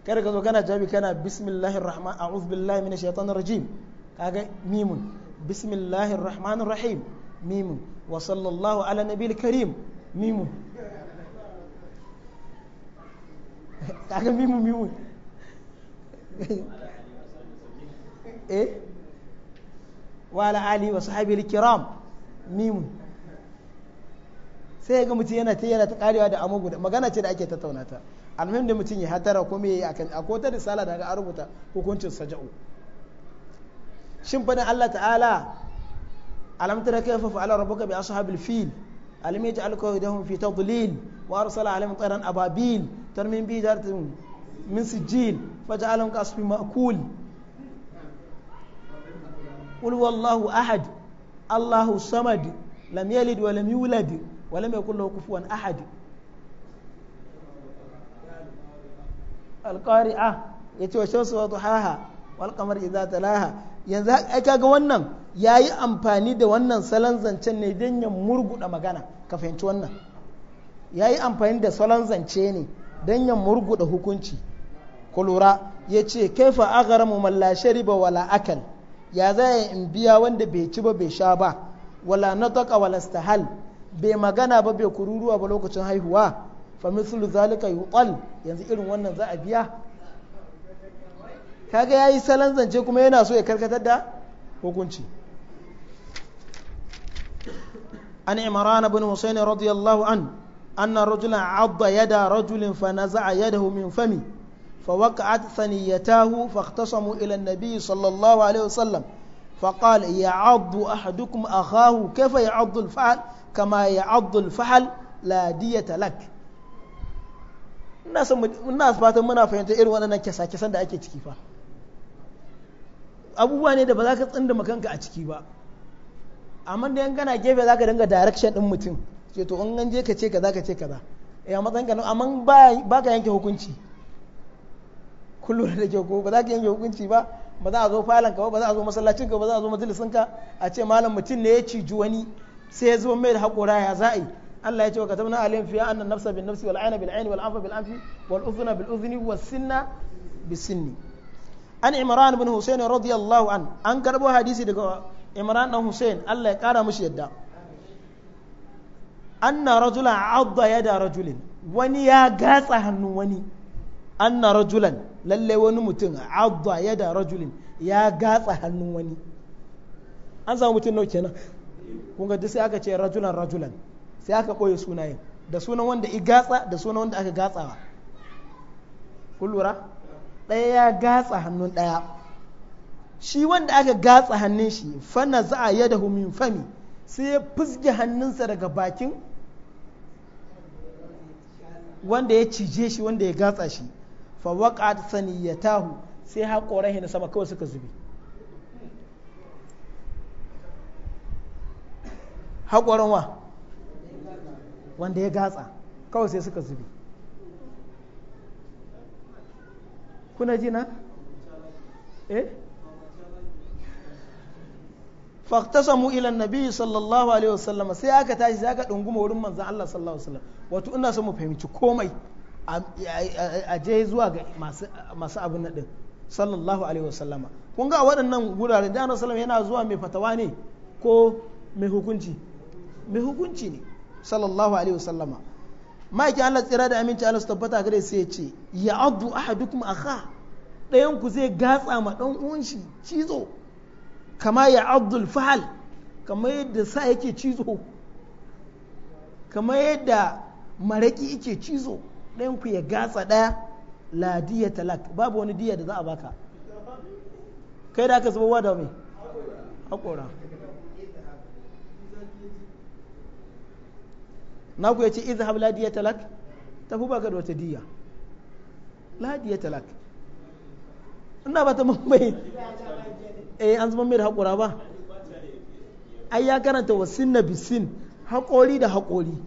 kada ka zo kana jabi kana bismillahir rahman a'udhu billahi minash shaitanir rajim kaga mimun bismillahir rahmanir rahim mimun wa sallallahu ala nabil karim mimu eh? sai ga mutum yana ta yana ta karewa da amo magana ce da ake tattaunata ta almuhim da mutum ya hatara ko ya yi akan akwai ta risala da aka rubuta hukuncin saja'u shin fadin Allah ta'ala ألم ترى كيف فعل ربك بأصحاب الفيل ألم يجعل كيدهم في تضليل وأرسل عليهم طيرا أبابيل ترميم بجارة من سجيل فجعلهم كأصف مأكول قل والله أحد الله الصمد لم يلد ولم يولد ولم يكن له كفوا أحد القارئة يتوشمس وضحاها والقمر إذا تلاها yanzu ai kaga wannan ya yi amfani da wannan salon zancen ne don ya murguɗa magana ka fahimci wannan ya yi amfani da salon zance ne don ya murguɗa hukunci ku lura ya ce kaifa agara mu mallashari ba wala akal ya za in biya wanda bai ci ba bai sha ba wala nataka wala stahal bai magana ba bai kururuwa ba lokacin haihuwa fa zalika yuqal yanzu irin wannan za a biya kaga ya yi salon zance kuma yana so ya karkatar da hukunci an bin hussein an anna rajulan adda yada rajulin fami fa saniyatahu fa ihtasamu ila an-nabi fa muna fahimta irin wannan kisa da ake ciki abubuwa ne da ba za ka tsinda makanka a ciki ba amma da yan gana gefe za ka dinga direction din mutum ce to in an je ka ce kaza ka ce kaza ya eh, amma ka amma ba ka yanke hukunci kullum da ke ko ba za ka yanke hukunci ba ba za a zo falon ka ba za a zo masallacin ka ba za a zo majalisin ka a ce malam mutum ne ya ciji wani sai ya zo mai da haƙora ya zai Allah ya ce wa katabna alim fiha annan nafsa bin nafsi wal ayna bil ayni wal anfa bil anfi wal udhna bil udhni was sinna bis sinni an imran bin husain radiyallahu an an karbo hadisi daga imran dan husain Allah ya kara mishi yadda anna rajulan adda yada rajulin wani ya gatsa hannu wani anna rajulan lalle wani mutum adda yada rajulin ya gatsa hannun wani an samu mutum nau kenan kun ga sai aka ce rajulan rajulan sai aka koya sunayen da sunan wanda i gatsa da sunan wanda aka gatsawa kun ɗaya ya gatsa hannun ɗaya shi wanda aka gatsa hannun shi fana za a yada min fami sai ya fusge hannunsa daga bakin wanda ya cije shi wanda ya gatsa shi fa ya tahu sai haƙoran na sama kawai suka zube haƙoran wa wanda ya gatsa kawai sai suka zube kuna ji na eh faqtasamu ila nabi sallallahu alaihi wasallam sai aka tashi sai aka dunguma wurin manzon Allah sallallahu alaihi wasallam wato ina so mu fahimci komai a je zuwa ga masu abin nan din sallallahu alaihi wasallama kun ga waɗannan wurare da annabi sallallahu yana zuwa mai fatawa ne ko mai hukunci mai hukunci ne sallallahu alaihi wasallama ma'aikin Allah tsira da aminci Allah su tabbata gare sai ya ce ya addu ahadukum akha ɗayan ku zai gatsa ma ɗan uwan shi cizo kama ya abdul fahal kama yadda sa yake cizo kama yadda maraki yake cizo ɗayan ku ya gatsa ɗaya la diya talak babu wani diya da za a baka kai da aka zubowa da mai haƙora na ku ce izhab la diya talak tafi baka da wata diya ladiya talak ina ba ta mambayi eh an zama mai da haƙura ba ai ya karanta sin na bisin haƙori da haƙori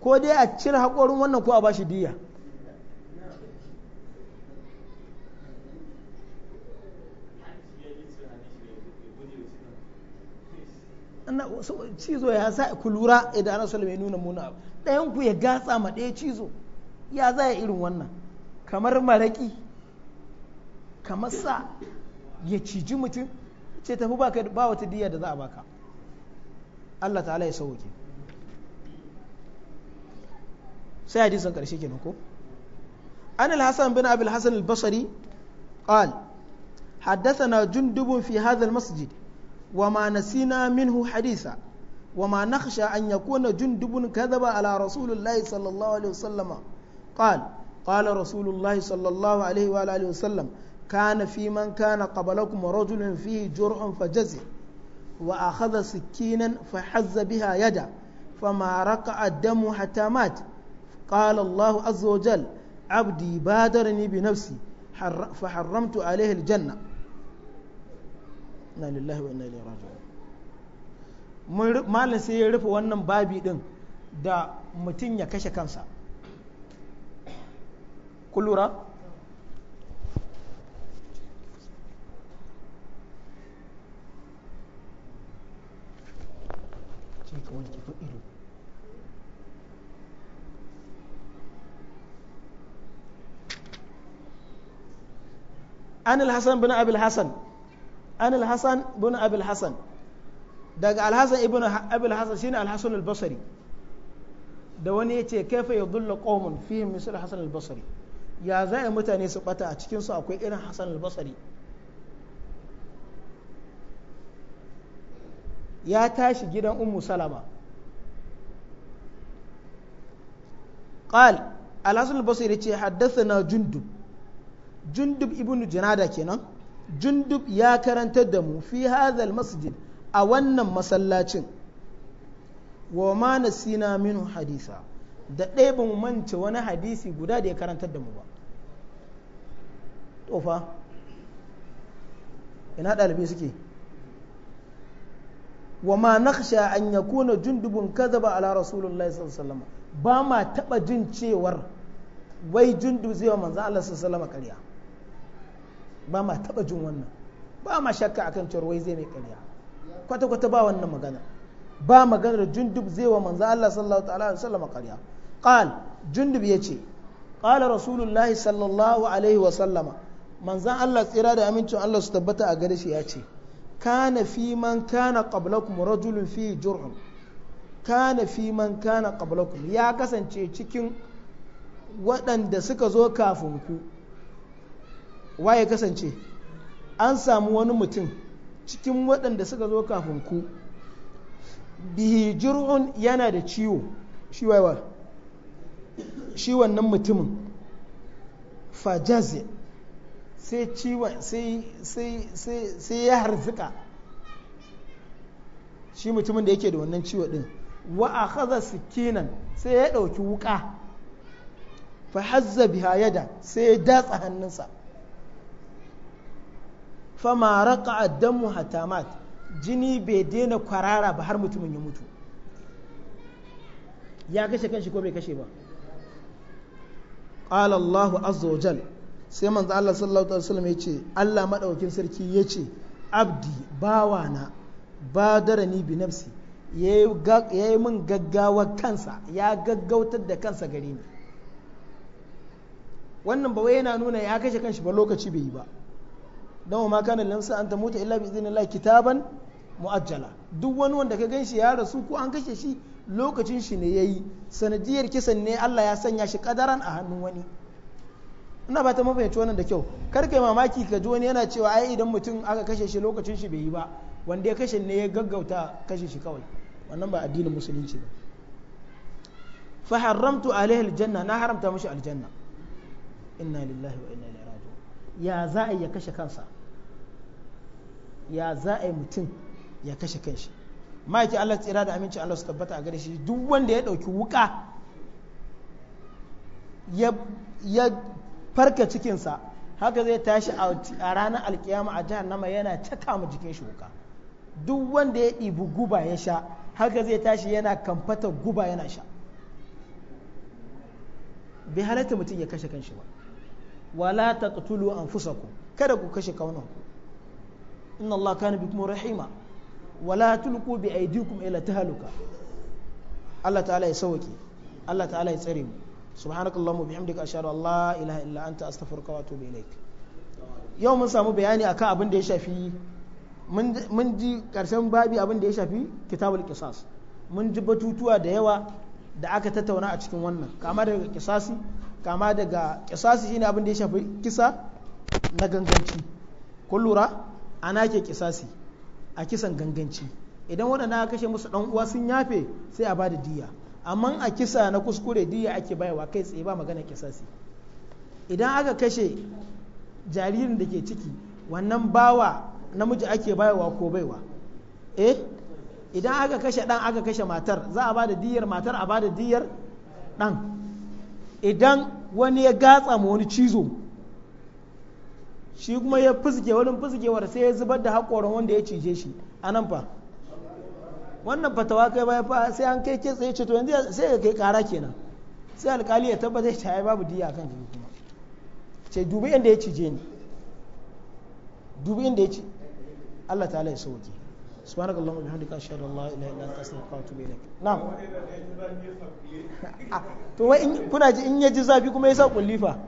ko dai a cire haƙorin wannan ko a bashi diya cizo ya sa ku lura idan ana sallama nuna muna abu Ɗayanku ya gasa ma ɗaya cizo ya zaya irin wannan kamar maraƙi kamar sa ya ciji mutum ce tafi ba wata diya da za a baka Allah ta'ala ya sauke sai hadisin karshe kenan ko an al-hasan bin abul hasan al-basri qal حدثنا جندب في هذا المسجد وما نسينا منه حديثا وما نخشى أن يكون جندب كذب على رسول الله صلى الله عليه وسلم قال قال رسول الله صلى الله عليه وآله وسلم كان في من كان قبلكم رجل فيه جرع فجزع وأخذ سكينا فحز بها يده فما رقع الدم حتى مات قال الله عز وجل عبدي بادرني بنفسي فحرمت عليه الجنة إنا لله وإنا إليه راجعون malin sai ya rufe wannan babi din da mutum ya kashe kansa kulura an الحسن بن ابي الحسن hasan الحسن بن ابي الحسن daga alhassan ibn abul hasan shine alhassan al-basri da wani ya ce kaifa ya dulla qaumun fihim misal hasan al-basri ya za mutane su bata a cikin su akwai irin hassan al-basri ya tashi gidan ummu salama qal al-hasan al-basri ce haddathana jundub jundub ibn junada kenan jundub ya karantar da mu fi hadha al a wannan masallacin wa ma nasina minu hadisa da ɗaya ba mu mance wani hadisi guda da ya karantar da mu ba tofa ina ɗalibi suke wa ma nakhsha an yakuna jundubun kadhaba ala rasulullahi sallallahu alaihi wasallam ba ma taba jin cewar wai jundu zai wa manzo Allah sallallahu alaihi wasallam ƙarya ba ma taba jin wannan ba ma shakka akan cewar wai zai mai ƙarya kwata-kwata ba wannan magana ba maganar jundub zai wa manzo Allah sallallahu alaihi wasallam ƙarya qal jundub yace qala rasulullahi sallallahu alaihi wasallama manzon Allah tsira da amincin Allah su tabbata a gare shi yace kana fi man kana qablakum rajulun fi jur'un kana fi man kana qablakum ya kasance cikin waɗanda suka zo kafin ku waye kasance an samu wani mutum cikin waɗanda suka zo kafin ku bihi jir'un yana da ciwo shi waiwa shi wannan mutumin fajaze sai ciwon sai ya harzika shi mutumin da yake da wannan ciwo din wa a haza sikinan sai ya ɗauki wuka fa hazza biha yada sai ya datsa hannunsa fama raka addamu hatamat jini bai daina kwarara ba har mutumin ya mutu ya kashe kanshi ko bai kashe ba ƙala Allahu azza sai manzo Allah sallallahu alaihi wasallam ya ce Allah madaukakin sarki ya ce abdi bawana badarani bi nafsi ya yi min gaggawa kansa ya gaggautar da kansa gare ni wannan ba yana nuna ya kashe kanshi ba lokaci bai yi ba don ma kana lansa an tamuta illa bi idinillah kitaban mu'ajjala duk wani wanda ka ganshi ya rasu ko an kashe shi lokacin shi ne yayi sanadiyar kisan ne Allah ya sanya shi kadaran a hannun wani ina ba ta mafahimci wannan da kyau kar kai mamaki ka ji wani yana cewa ai idan mutum aka kashe shi lokacin shi bai yi ba wanda ya kashe ne ya gaggauta kashe shi kawai wannan ba addinin musulunci ba fa haramtu alaihi aljanna na haramta mishi aljanna inna lillahi wa inna ilaihi raji'un ya za a ya kashe kansa ya za a yi mutum ya kashe kanshi ma'aiki Allah tsira da aminci Allah su tabbata a gare shi duk wanda ya ɗauki wuka ya farka cikinsa haka zai tashi a ranar alkiyama a jihar nama yana caka mu jikin shi wuka duk wanda ya ɗibi guba ya sha haka zai tashi yana kamfata guba yana sha bai halatta mutum ya kashe kanshi ba wala taqtulu anfusakum kada ku kashe kaunanku inna Allah kana bikum rahima wala tulqu bi aydikum ila tahluka Allah ta'ala ya ya tsare mu subhanakallahumma bihamdika ashhadu an la ilaha illa anta astaghfiruka wa atubu ilaik yau mun samu bayani akan abin da ya shafi mun ji karshen babi abin da ya shafi kitabul qisas mun ji batutuwa da yawa da aka tattauna a cikin wannan kama daga kisasi kama daga kisasi abin da ya shafi kisa na ganganci kun lura ana ke kisasi a kisan ganganci idan waɗanda aka kashe musu ɗan uwa sun yafe sai a bada diya amma a kisa na kuskure diya ake bayarwa kai tsaye ba magana kisasi idan aka kashe jaririn da ke ciki wannan bawa namiji ake bayarwa ko baiwa eh idan aka kashe dan aka kashe matar za a bada diyar matar a bada diyar dan idan wani ya gatsa ma wani cizo shi kuma ya fizge wurin fizgewar sai ya zubar da haƙorin wanda ya cije shi a nan fa wannan fatawa kai bai fa sai an kai kitse ya ce to yanzu sai ya kai kara kenan sai alkali ya tabbata ya ai babu diya akan kai kuma ce dubi inda ya cije ni dubi inda ya ci Allah ta'ala ya sauke سبحانك اللهم وبحمدك اشهد ان لا اله الا انت استغفرك واتوب اليك نعم to wai kuna ji in ji zafi kuma yasa kullifa